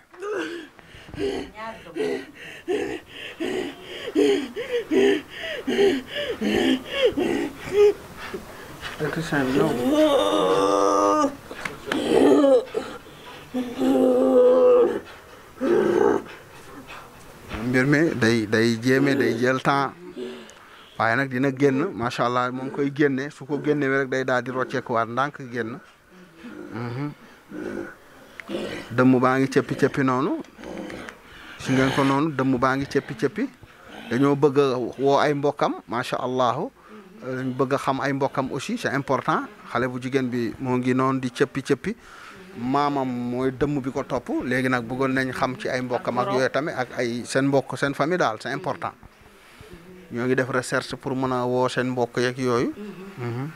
mbir mi day day jéeme day jël temps waaye nag dina génn macha allah mu ngi koy génne su ko génne rek day daal di rocceekuwaat ndànk génn mhm. dëmm baa ngi ceppi cëppi noonu si ngeen noonu dëmm baa ngi cëppi cëppi dañoo bëgg a ay mbokkam macha allah dañ bëgg a xam ay mbokkam aussi c'est important xale bu jigéen bi moo ngi noonu di cëppi cëppi. maamam mooy dëmm bi ko topp léegi nag buggoon nañ xam ci ay mbokkam ak yooyu tamit ak ay seen mbokk seen famille daal c'est important ñoo ngi def recherche pour mën a woo seen mbokk yeeg yooyu. Mm-hmm.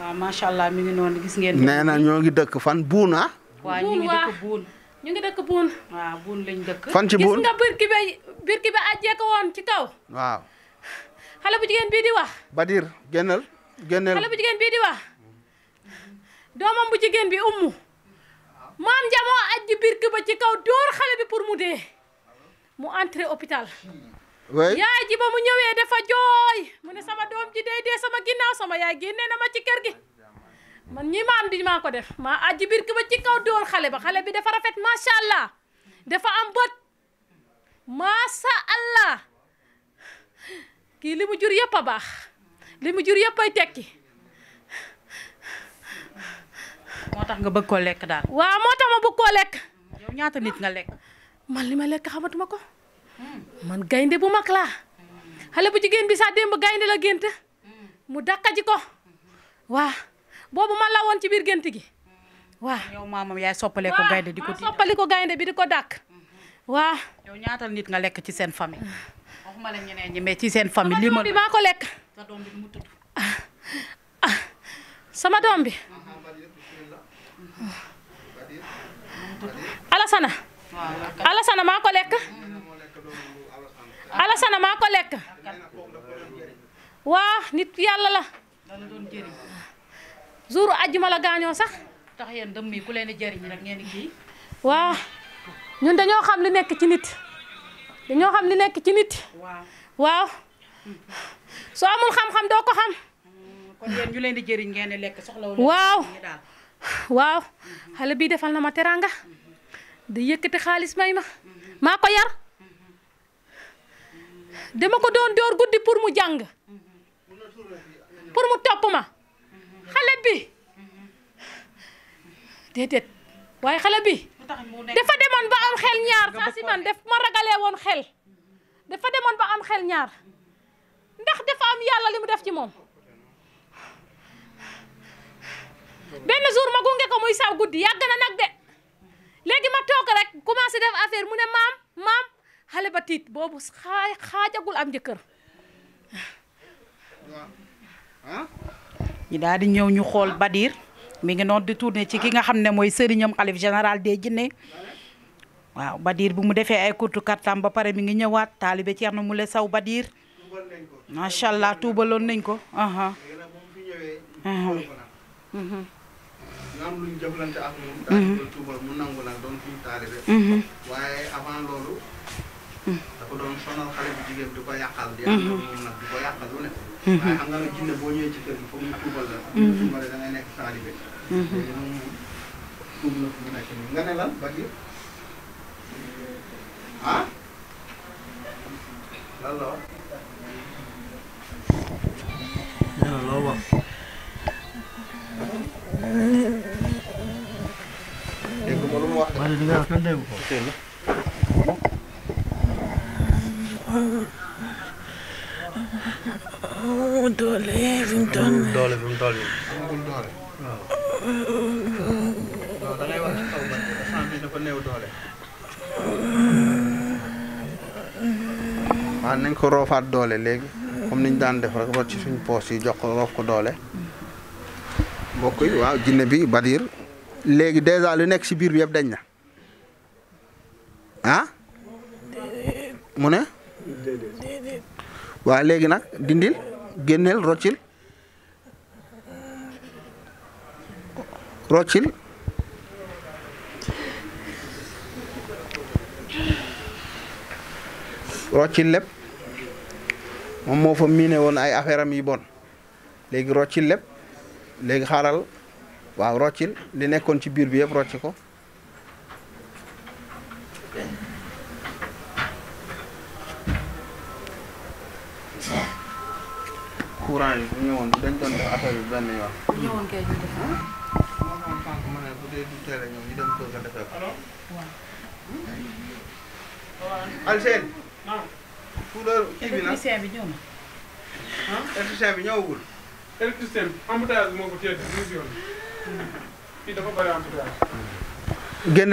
waaw macha allah mi ngi noonu gis ngeen. nee na ñoo ngi dëkk fan buuna. Ah? waaw ñu ngi buun ñu dëkk fan ci buun gis nga birki ba birki woon ci kaw. waaw. xale bu jigéen bii di Badir génnal génnal. xale bu jigéen bii di doomam bu jigéen bi ummu. maam jamoo ajji birki ba ci kaw dóor xale bi pour mu dee mu entré hôpital yaay ji ba mu ñëwee defa jooy mu ne sama doom ji day dee sama ginnaaw sama yaay génnee na ma ci kër gi man ñi ma am di maa ko def maa ajji birki ba ci kaw dóor xale ba xale bi dafa rafet macha allah dafa am bët macha allah kii li mu jur yëpp a baax li mu jur yëpp ay tekki moo tax nga bëgg koo lekk daal. waaw moo tax ma bëgg koo lekk. yow ñaata nit nga lekk. man li ma lekk xamatuma ko. Hmm. gaynde bu mag laa. xale bu jigéen bi sax démb gaynde la gént. Hmm. mu dàqa ji la woon ci biir gént gi. waa yow maamam yaay soppale gaynde di ko tiital ko gaynde bi di ko dàq. Hmm. waa yow nit nga lekk ci seen famille. Ah. waxuma la ñeneen ñi ci seen famille. lii ko lekk. sa doom bi ah. Ah. sama doom bi. alasana alasana maa lekk alasana maa lekk waa nit yàlla la jour ajjuma la gaañoo sax tax yéen dëmm ku leen di jëriñ rek ngeen di kii waa ñun dañoo xam li nekk ci nit dañoo xam li nekk ci nit waaw soo amul xam-xam doo ko xam hmm, kon leen di jëriñ ngeen lekk soxla waaw waaw xale bii defal na ma teranga di yëkkati xaalis may ma maa ko yar dama ko doon door guddi pour mu jàng pour mu topp ma xale bi déedéet waaye xale bi dafa demoon ba am xel ñaar saa si man def ma ragalee woon xel dafa demoon ba am xel ñaar ndax dafa am yàlla li mu def ci moom benn jour ma gunge ko muy saw guddi yàgg na nag de léegi toog rek commencé def affaire mu ne maam maam xale ba tiit boobu xaay xaajagul am jëkkër ñu daal ñëw ñu xool Badir mi ngi noonu di tourné ci ki nga xam ne mooy sëriñam xalif général des jinne waaw Badir bu mu defee ay kurtu kartam ba pare mi ngi ñëwaat taalibe Thierno Moule saw Badir macha allah tuubaloon nañ ko. Mhm. nga am lu ñu jëflante ak moom. Mhm. daal ko tuubal mu nangu nag doon suñu taalibe. Mhm. Mhm. waaye avant loolu. dafa doon sonal xale bu jigéen di ko yàqal. di yàqal moom nag di ko yàqal lu ne. waaye xam nga nag jinne boo ñëwee ci kër gi foog ñu tuubal la. ba da ngay nekk taalibe. léegi moom tuub na fu mu nekk nii nga ne lan ba kii ah lan la wax. nee na loo wax. dégg nga doole fi mu toll nii. amul doole waaw. non néew doole. waaw nañ ko roofaat doole léegi comme niñ daan def rek ba ci suñ poos yi jox ko roof ko doole. mbokk yi waaw jinne bi Badir léegi dèjà lu nekk si biir bi yëpp dañ na ah mu ne waaw léegi nag dindil génneel roccil roccil roccil lépp moom moo fa miine woon ay affaire am yi bon léegi roccil lépp léegi xaaral waaw roccil li nekkoon ci biir bi yëpp rocci ko courant yi bu ñëwoon dañ doon def affaire bi benn yoon. bu ñëwoon kay ñu def ma ne bu dee ñëw ñu dem kër bi ñëw na. électricité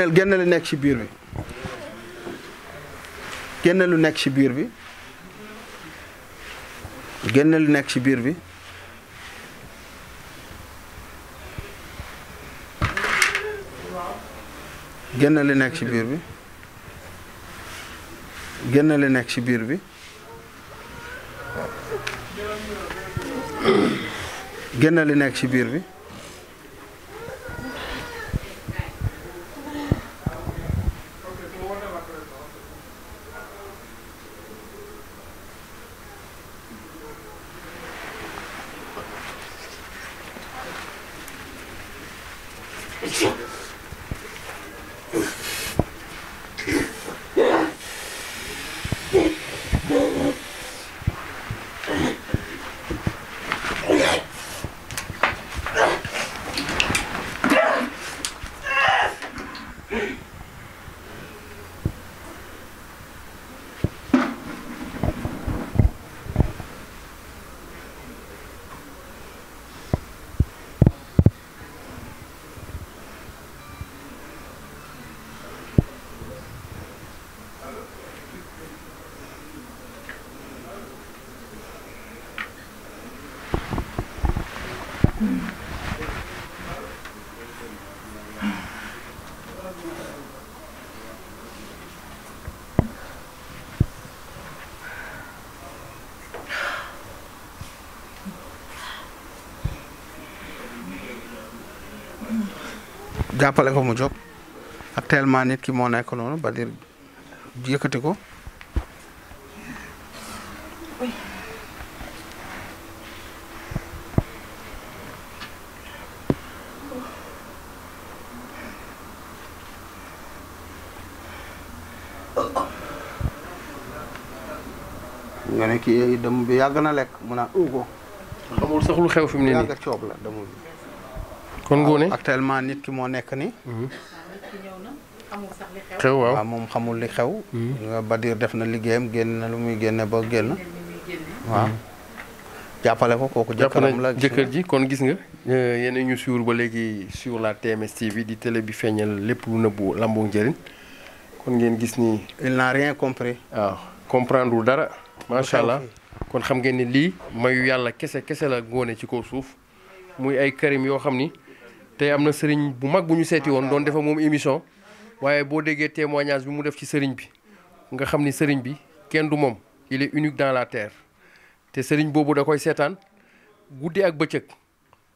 bi nekk ci biir bi génne lu nekk ci biir bi génne lu nekk ci biir bi. génn li nekk ci biir bi génn li nekk ci biir bi génn li nekk ci biir bi jàppale ko mu jóg actuellement nit ki moo nekk noonu ba dir yëkkati ko nga ne kii dam bi yàgg na lekk mun a uw ko xamul xew fi mu ne nii yàgg coob la demul kon ngoone actuellement nit ki moo nekk ni mhm. xew waaw moom xamul li xew. Mhm. Euh, Badir def na liggéeyam génn na lu muy génne ba génn. waaw mhm. jàppale ko kooku. jàppalam la jëkkër ji kon gis nga. Euh, yéen ñu suivre ba léegi sur la TMS TV di télé bi feeñal lépp lu nëbbu lamboo njëriñ kon ngeen gis ni. il n'a rien compris. dara. macha allah kon xam ngeen ni lii mayu yàlla kese kese la ngoone ci kaw suuf muy ay karim yoo xam ni. tey am na sëriñ bu mag bu ñu seeti woon doon defa moom émission waaye boo déggee témoignage bi mu def ci sëriñ bi nga xam ni sëriñ bi kenn du moom il est unique dans la terre te sëriñ boobu da koy seetaan guddi ak bëccëg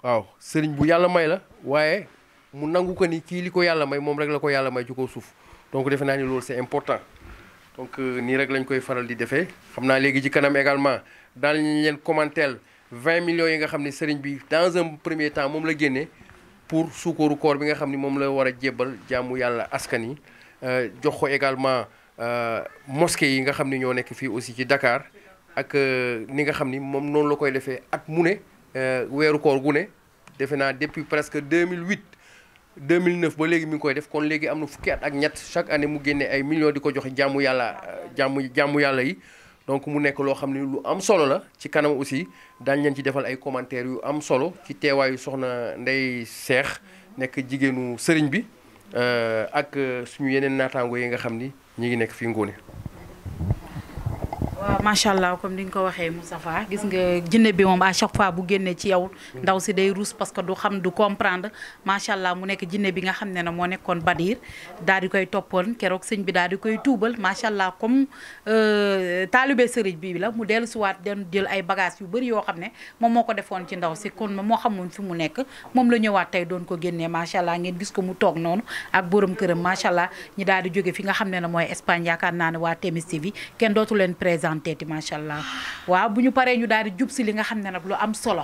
waaw sëriñ bu yàlla may la waaye mu nangu ko ni kii li ko yàlla may moom rek la ko yàlla may ci kaw suuf donc defe naa ni loolu c'est important donc euh, ni rek lañ koy faral di defee xam naa léegi ci kanam également daal ñu leen commenter 20 yi nga xam ne sëriñ bi dans un temps moom la génnee pour suukaru koor bi nga xam ni moom la war a jébbal jaamu yàlla askan yi euh, jox ko également euh, mosquée yi nga xam ni ñoo nekk fii aussi ci dakaar ak euh, ni nga xam ni moom noonu la koy defee at mu ne weeru koor gu ne defe naa depuis presque 2008 2009 ba léegi mi ngi koy def kon léegi am na fukki at ak ñett chaque année mu génnee ay millions di ko jox jaamu yàlla jàmm jaamu yàlla yi. donc mu nekk loo xam ne lu am solo la ci kanam aussi daañu leen ci defal ay commentaires yu am solo ci teewaayu soxna ndey Cheikh nekk jigéenu sëriñ bi euh, ak euh, suñu yeneen naataango yi nga xam ni ñu ngi nekk fii Ngóone. waaw macha allah comme ni nga ko waxee Moustapha gis nga jinne bi moom à chaque fois bu génnee ci yow ndaw si day ruus parce que du xam du comprendre macha allah mu nekk jinne bi nga xam ne ne moo nekkoon Badir daal di koy toppoon keroog sëñ bi daal di koy tuubal macha allah comme euh, taalibe sëriñ bi la mu dellu siwaat dem jël ay bagages yu bëri yoo xam ne moom moo ko defoon ci ndaw si kon moo xamoon fi mu nekk moom la ñëwaat doon ko génnee macha allah ngeen gis ko mu toog noonu ak borom këram macha allah ñi daal di jóge fi nga xam ne ne mooy Espagne yaakaar naa ne waa Témis TV kenn dootu leen présent konteeti macha allah waaw bu ñu paree ñu daal di jub si li nga xam ne nag lu am solo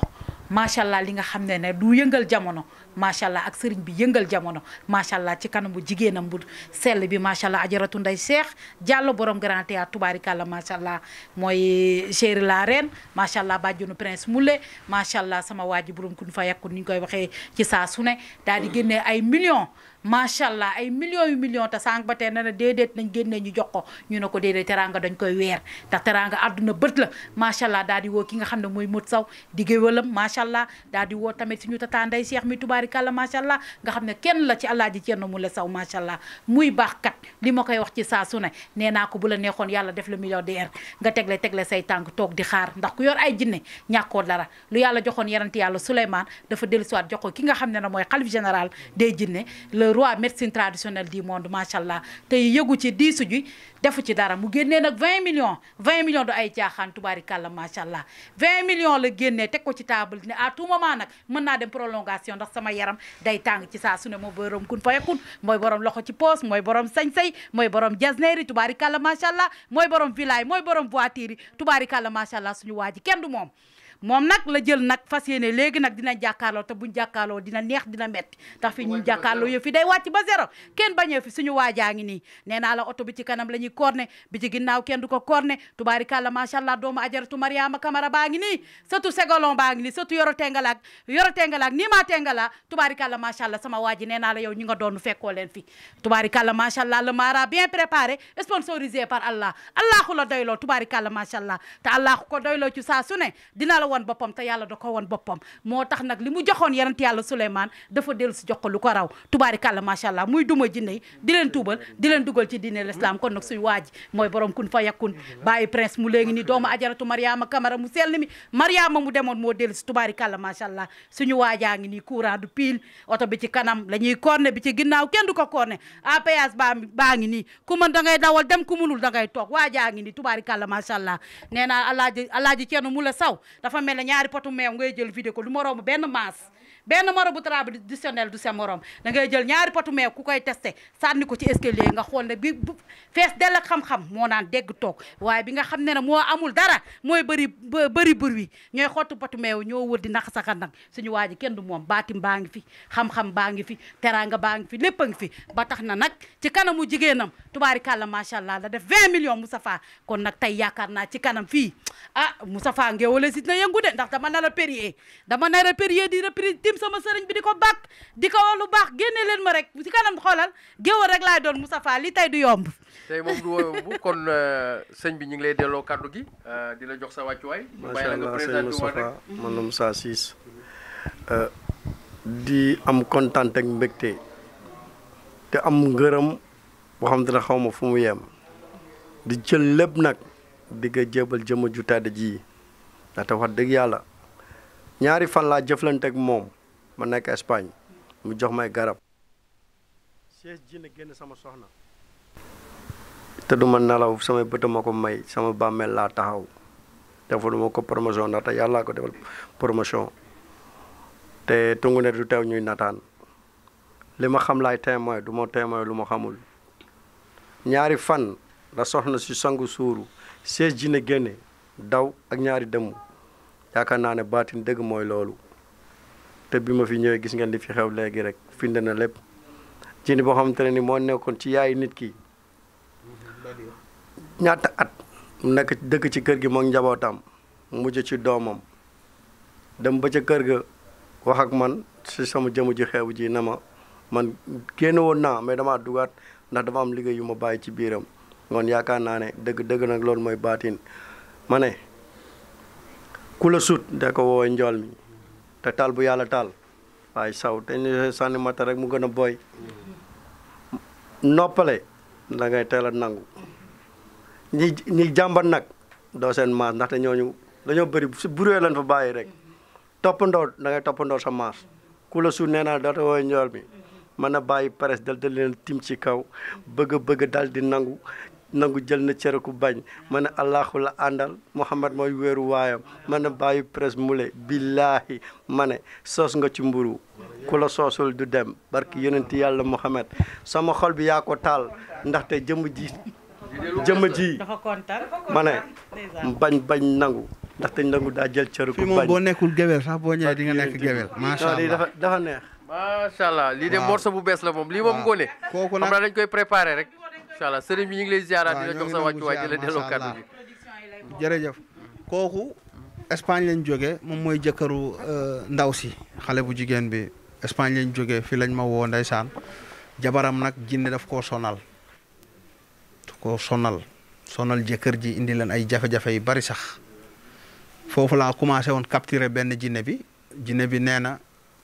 macha allah li nga xam ne ne du yëngal jamono macha allah ak sëriñ bi yëngal jamono macha allah ci kanam bu jigéenam bu sell bi macha allah ajaratu nday Cheikh Diallo borom grand théâtre tubaarikàlla macha allah mooy chéri la reine macha allah bàjjunu prince Moulé macha allah sama waa ji borom kun fa yàqu ni ñu koy waxee ci saa su ne daal di ay millions. macha allah ay millions yu millions te sànq ba tey na ne déedéet nañ génne ñu jox ko ñu ne ko déedéet teraanga dañ koy weer ndax teraanga àdduna bët la macha allah daal di woo ki nga xam ne mooy mët saw di géwalam macha allah daal di woo tamit suñu tataa nday Cheikh mi tubaarikàlla macha allah nga xam ne kenn la ci alaaji Thierno Moule Sow macha allah muy baax kat li ma koy wax ci saa su ne nee naa ko bu la neexoon yàlla def la milliardaire nga tegle tegle say tànk toog di xaar ndax ku yor ay jinne ñàkkoo dara lu yàlla joxoon yarante yàlla Souleymane dafa dellusiwaat jox ko ki nga xam ne na mooy xalif général des rois roi médecine traditionnelle du monde macha allah yegu yëgu ci diisu ji defu ci dara mu génnee nag 20 million 20 millions du ay caaxaan tubaari kàlla macha allah 20 millions la génnee teg ko ci table ne à tout moment nag mën na dem prolongation ndax sama yaram day tàng ci saa su mo moo borom kun fayakun mooy borom loxo ci poos mooy borom sañ-say mooy borom jasneeri tubaari kàlla macha allah mooy borom villa yi mooy borom voiture yi tubaari kàlla macha allah suñu waa ji kenn du moom. moom nag la jël nag fas yéene léegi nag dina jàkkaarloo te buñ jàkkaarloo dina neex dina metti ndax fi ñuy jàkkaarloo yëf fi day wàcc ba zéro kenn bañee fi suñu waajaa ngi nii nee naa la oto bi ci kanam la ñuy corné bi ci ginnaaw kenn du ko corné tubaarikàlla macha allah doomu ajaratu mariama camara baa ngi nii sëtu segolon baa ngi nii sëtu yoro tengalaak yoro tengalaak nii maa tengalaa tubaarikàlla macha allah sama waa ji nee naa la yow ñi nga doon fekkoo leen fi tubaarikàlla macha allah le mara bien préparé sponsorisé par allah allahu la doyloo tubaarikàlla macha allah te allahu ko doyloo ci saa su ne dina wan boppam te yàlla da ko wan boppam moo tax nag li mu joxoon yonent yàlla Souleymane dafa dellu si jox ko lu ko raw tubaarikàlla macha allah muy duma jinne yi di leen tuubal di leen dugal ci diine l'islam kon nag suy waaj mooy borom kun fa yakun bàyyi prince mu léegi ni doomu ajaratu Mariama Kamara mu sell mi Mariama mu demoon moo dellu si tubaarikàlla macha allah suñu waajaa ngi nii courant du pile oto bi ci kanam la ñuy corne bi ci ginnaaw kenn du ko corne APS baa baa ngi nii ku mën da ngay dawal dem ku mënul da ngay toog waajaa ngi nii tubaarikàlla macha allah nee naa alaaji alaaji ceerno mu la saw dafa ma ne ñaari potu meew ngay jël vidé ko lu moroomu benn maas benn moroom bu traditionnel du sa morom da ngay jël ñaari potu meew ku koy teste sànni ko ci escalier nga xool ne bi bu fees dell ak xam moo naan dégg toog waaye bi nga xam ne ne moo amul dara mooy bëri bëri bruit ñooy xottu potu meewu ñoo wër di nax saxa nag suñu waa ji kenn du moom baatim baa ngi fi xam-xam baa ngi fi teraanga baa ngi fi lépp a ngi fi ba tax na nag ci kanamu jigéenam tubaarikàlla macha allah la def 20 millions Moustapha kon nag tey yaakaar naa ci kanam fii ah Moustapha Ngéwale si na yëngu de ndax dama nar a périer dama nar a périer di repris tim sama sëriñ bi di ko bàkk di ko lu baax génne leen ma rek si kanam xoolal géwal rek laay doon Moustapha li tey du yomb. tey moom du yomb kon euh, sëñ bi ñu ngi lay delloo kàddu gi euh, di la jox sa wàccuwaay. macha allah sëñ Moustapha man la Moussa Ciss euh, di am kontaan ak mbégte te am boo xam te ne xaw ma fu mu yem di jël lépp nag di nga jëmm ju tedd ji ndaxte wax dëgg yàlla ñaari fan laa jëflanteeg moom ma nekk Espagne mu jox may garab. sees ji na génn sama soxna. te duma nalaw samay bët ma ko may sama bàmmeel laa taxaw defaluma ko promotion ndaxte yàllaa ko defal promotion te tungu ne du teew ñuy nataan li ma xam laay témoin du ma témoin lu ma xamul. ñaari fan la soxna ci sangu suuru sees jinne génne daw ak ñaari dëmm yaakaar naa ne baatin dëgg mooy loolu te bi ma fi ñëwee gis ngeen li fi xew léegi rek find na lépp jinne boo xamante ne ni moo nekkoon ci yaay nit ki ñaata at nekk dëkk ci kër gi mooy njabootam mujj ci doomam dem ba ca kër ga wax ak man si sama jëmu ji xew ji na ma man génn woon naa mais dama dugaat ndax dafa am liggéey yu ma bàyyi ci biiram ngoon yaakaar naa ne dëgg dëgg nag loolu mooy baatin ma ne ku la sut de ko woowe njool mi te taal bu yàlla taal waaye saw te ñu sànni mata rek mu gën a boy noppale da ngay teel a nangu ñi ñi jàmbat nag doo seen maas ndaxte ñooñu dañoo bëri si buree lan fa bàyyi rek toppandoo da ngay toppandoo sa maas kula la nee naa doota woowe njool mi mën a bàyyi presse dal da leen tim ci kaw bëgg bëgg dal di nangu nangu jël na cere ku bañ mën a allahu la àndal Muhammad mooy weeru waayam mën a bàyyi presse mu le billaahi ma ne soos nga ci mburu ku la soosul du dem yeneen yonenti yàlla Muhammad sama xol bi yaa ko taal ndaxte jëmm ji jëm ji ma ne bañ bañ nangu ndaxte nangu daa jël cere ku bañ fii moom boo nekkul géwél sax boo nekk géwél dafa neex macha allah lii de morceau bu bees la moom lii moom ngoone kooku nag dañ koy préparé rek incha allah sëriñ bi ñu ngi lay ziaraat di la jox sa wàccuwaay di la delloo kàddu bi jërëjëf kooku Espagne lañ jógee moom mooy jëkkëru euh, ndaw si xale bu jigéen bi Espagne lañ jógee fi lañ ma woo ndeysaan jabaram nag jinne def koo sonal ko sonal sonal jëkkër ji indi leen ay jafe-jafe yu bari sax foofu laa commencé woon capturer benn jinne bi jinne bi nee na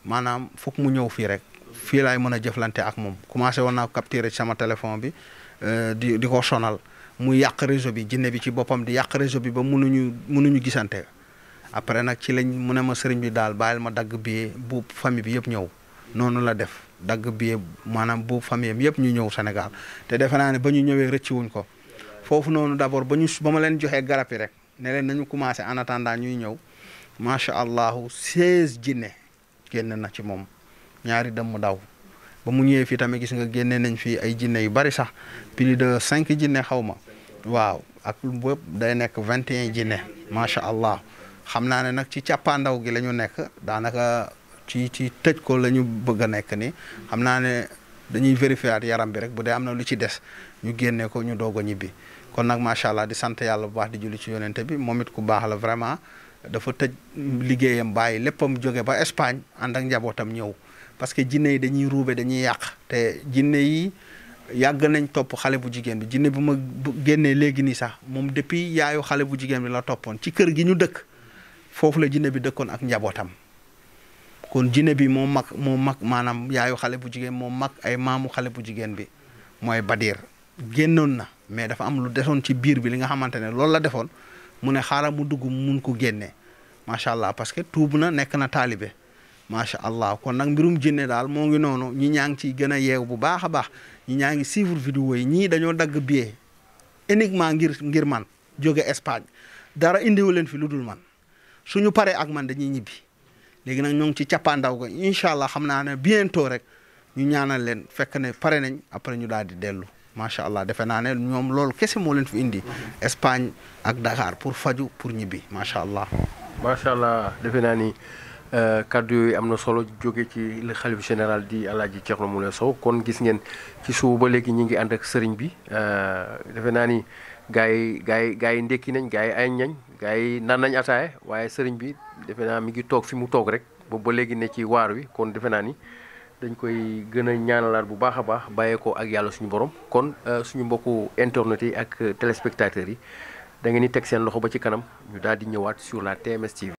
maanaam foog mu ñëw fii rek fii laay mën a jëflante ak moom commencé woon naa ko capturer sama téléphone bi euh, di di ko sonal mu yàq réseau bi jinne bi ci boppam di yàq réseau bi ba mënuñu mënuñu gisante après nag ci lañ mu ne ma sëriñ bi daal bàyyil ma dagg billet bu famille bi yëpp ñëw noonu la def dagg billet maanaam bu famille bi yëpp ñu ñëw Sénégal te defe naa ne ba ñu ñëwee wuñ ko foofu noonu d'abord ba ñu ba ma leen joxee garab yi rek ne leen nañu commencé en attendant ñuy ñëw macha allahu 16 jinne génn na ci moom ñaari dëmm daw ba mu ñëwee fii tamit gis nga génne nañ fii ay jinne yu bari sax plus de cinq jinne xawma waaw ak lu bëpp day nekk vingt et un jinne macha allah xam naa ne nag ci càppaandaw gi la ñu nekk daanaka ci ci tëj ko la ñu bëgg a nekk ni xam naa ne dañuy vérifier at yaram bi rek bu dee am na lu ci des ñu génne ko ñu doog a ñibbi kon nag macha allah di sant yàlla bu baax di julli ci yonente bi moom it ku baax la vraiment. dafa tëj liggéeyam bàyyi léppam jóge ba Espagne ànd ak njabootam ñëw parce que jinne yi dañuy ruube dañuy yàq te jinne yi yàgg nañ topp xale bu jigéen bi jinne bi ma génnee léegi nii sax moom depuis yaayu xale bu jigéen bi la toppoon ci kër gi ñu dëkk foofu la jinne bi dëkkoon ak njabootam kon jinne bi moo mag moo mag maanaam yaayu xale bu jigéen moo mag ay maamu xale bu jigéen bi mooy Badir génnoon na mais dafa am lu desoon ci biir bi li nga xamante ne loolu la defoon mu ne xaaral mu dugg mun ko génne macha allah parce que tuub na nekk na taalibe macha allah kon nag mbirum jinne daal moo ngi noonu ñu ñaa ngi ciy gën a yeew bu baax a baax ñi ñaa ngi suivre vidéo yi ñii dañoo dagg billet uniquement ngir ngir man jóge Espagne dara indiwu leen fi lu dul man suñu paree ak man dañuy ñibbi léegi nag ñoo ngi ci cappaandaw ga incha allah xam naa ne bientôt rek ñu ñaanal leen fekk ne pare nañ après ñu daal di dellu. macha allah defe naa ne ñoom lool kese moo leen fi indi Espagne ak Dakar pour faju pour ñibbi macha allah. macha allah defe naa ni euh, kaddu yooyu am na solo jóge ci le xalif général di ji ceex na Moule Sow kon gis ngeen ci suba ba léegi ñu ngi ànd ak sëriñ bi euh, defe naa ni gars yi gars yi gars yi ndekki nañ gars yi añ nañ gars yi naan nañ ataaye waaye sëriñ bi defe naa mi ngi toog fi mu toog rek ba ba léegi ne ci waar wi kon defe naa ni. dañ koy gën a ñaanalaat bu baax a baax bàyyee ko ak yàlla suñu borom kon euh, suñu mbokku internet yi ak téléspectateurs yi da ngeen di teg seen loxo ba ci kanam ñu daal di ñëwaat sur la TMS TV.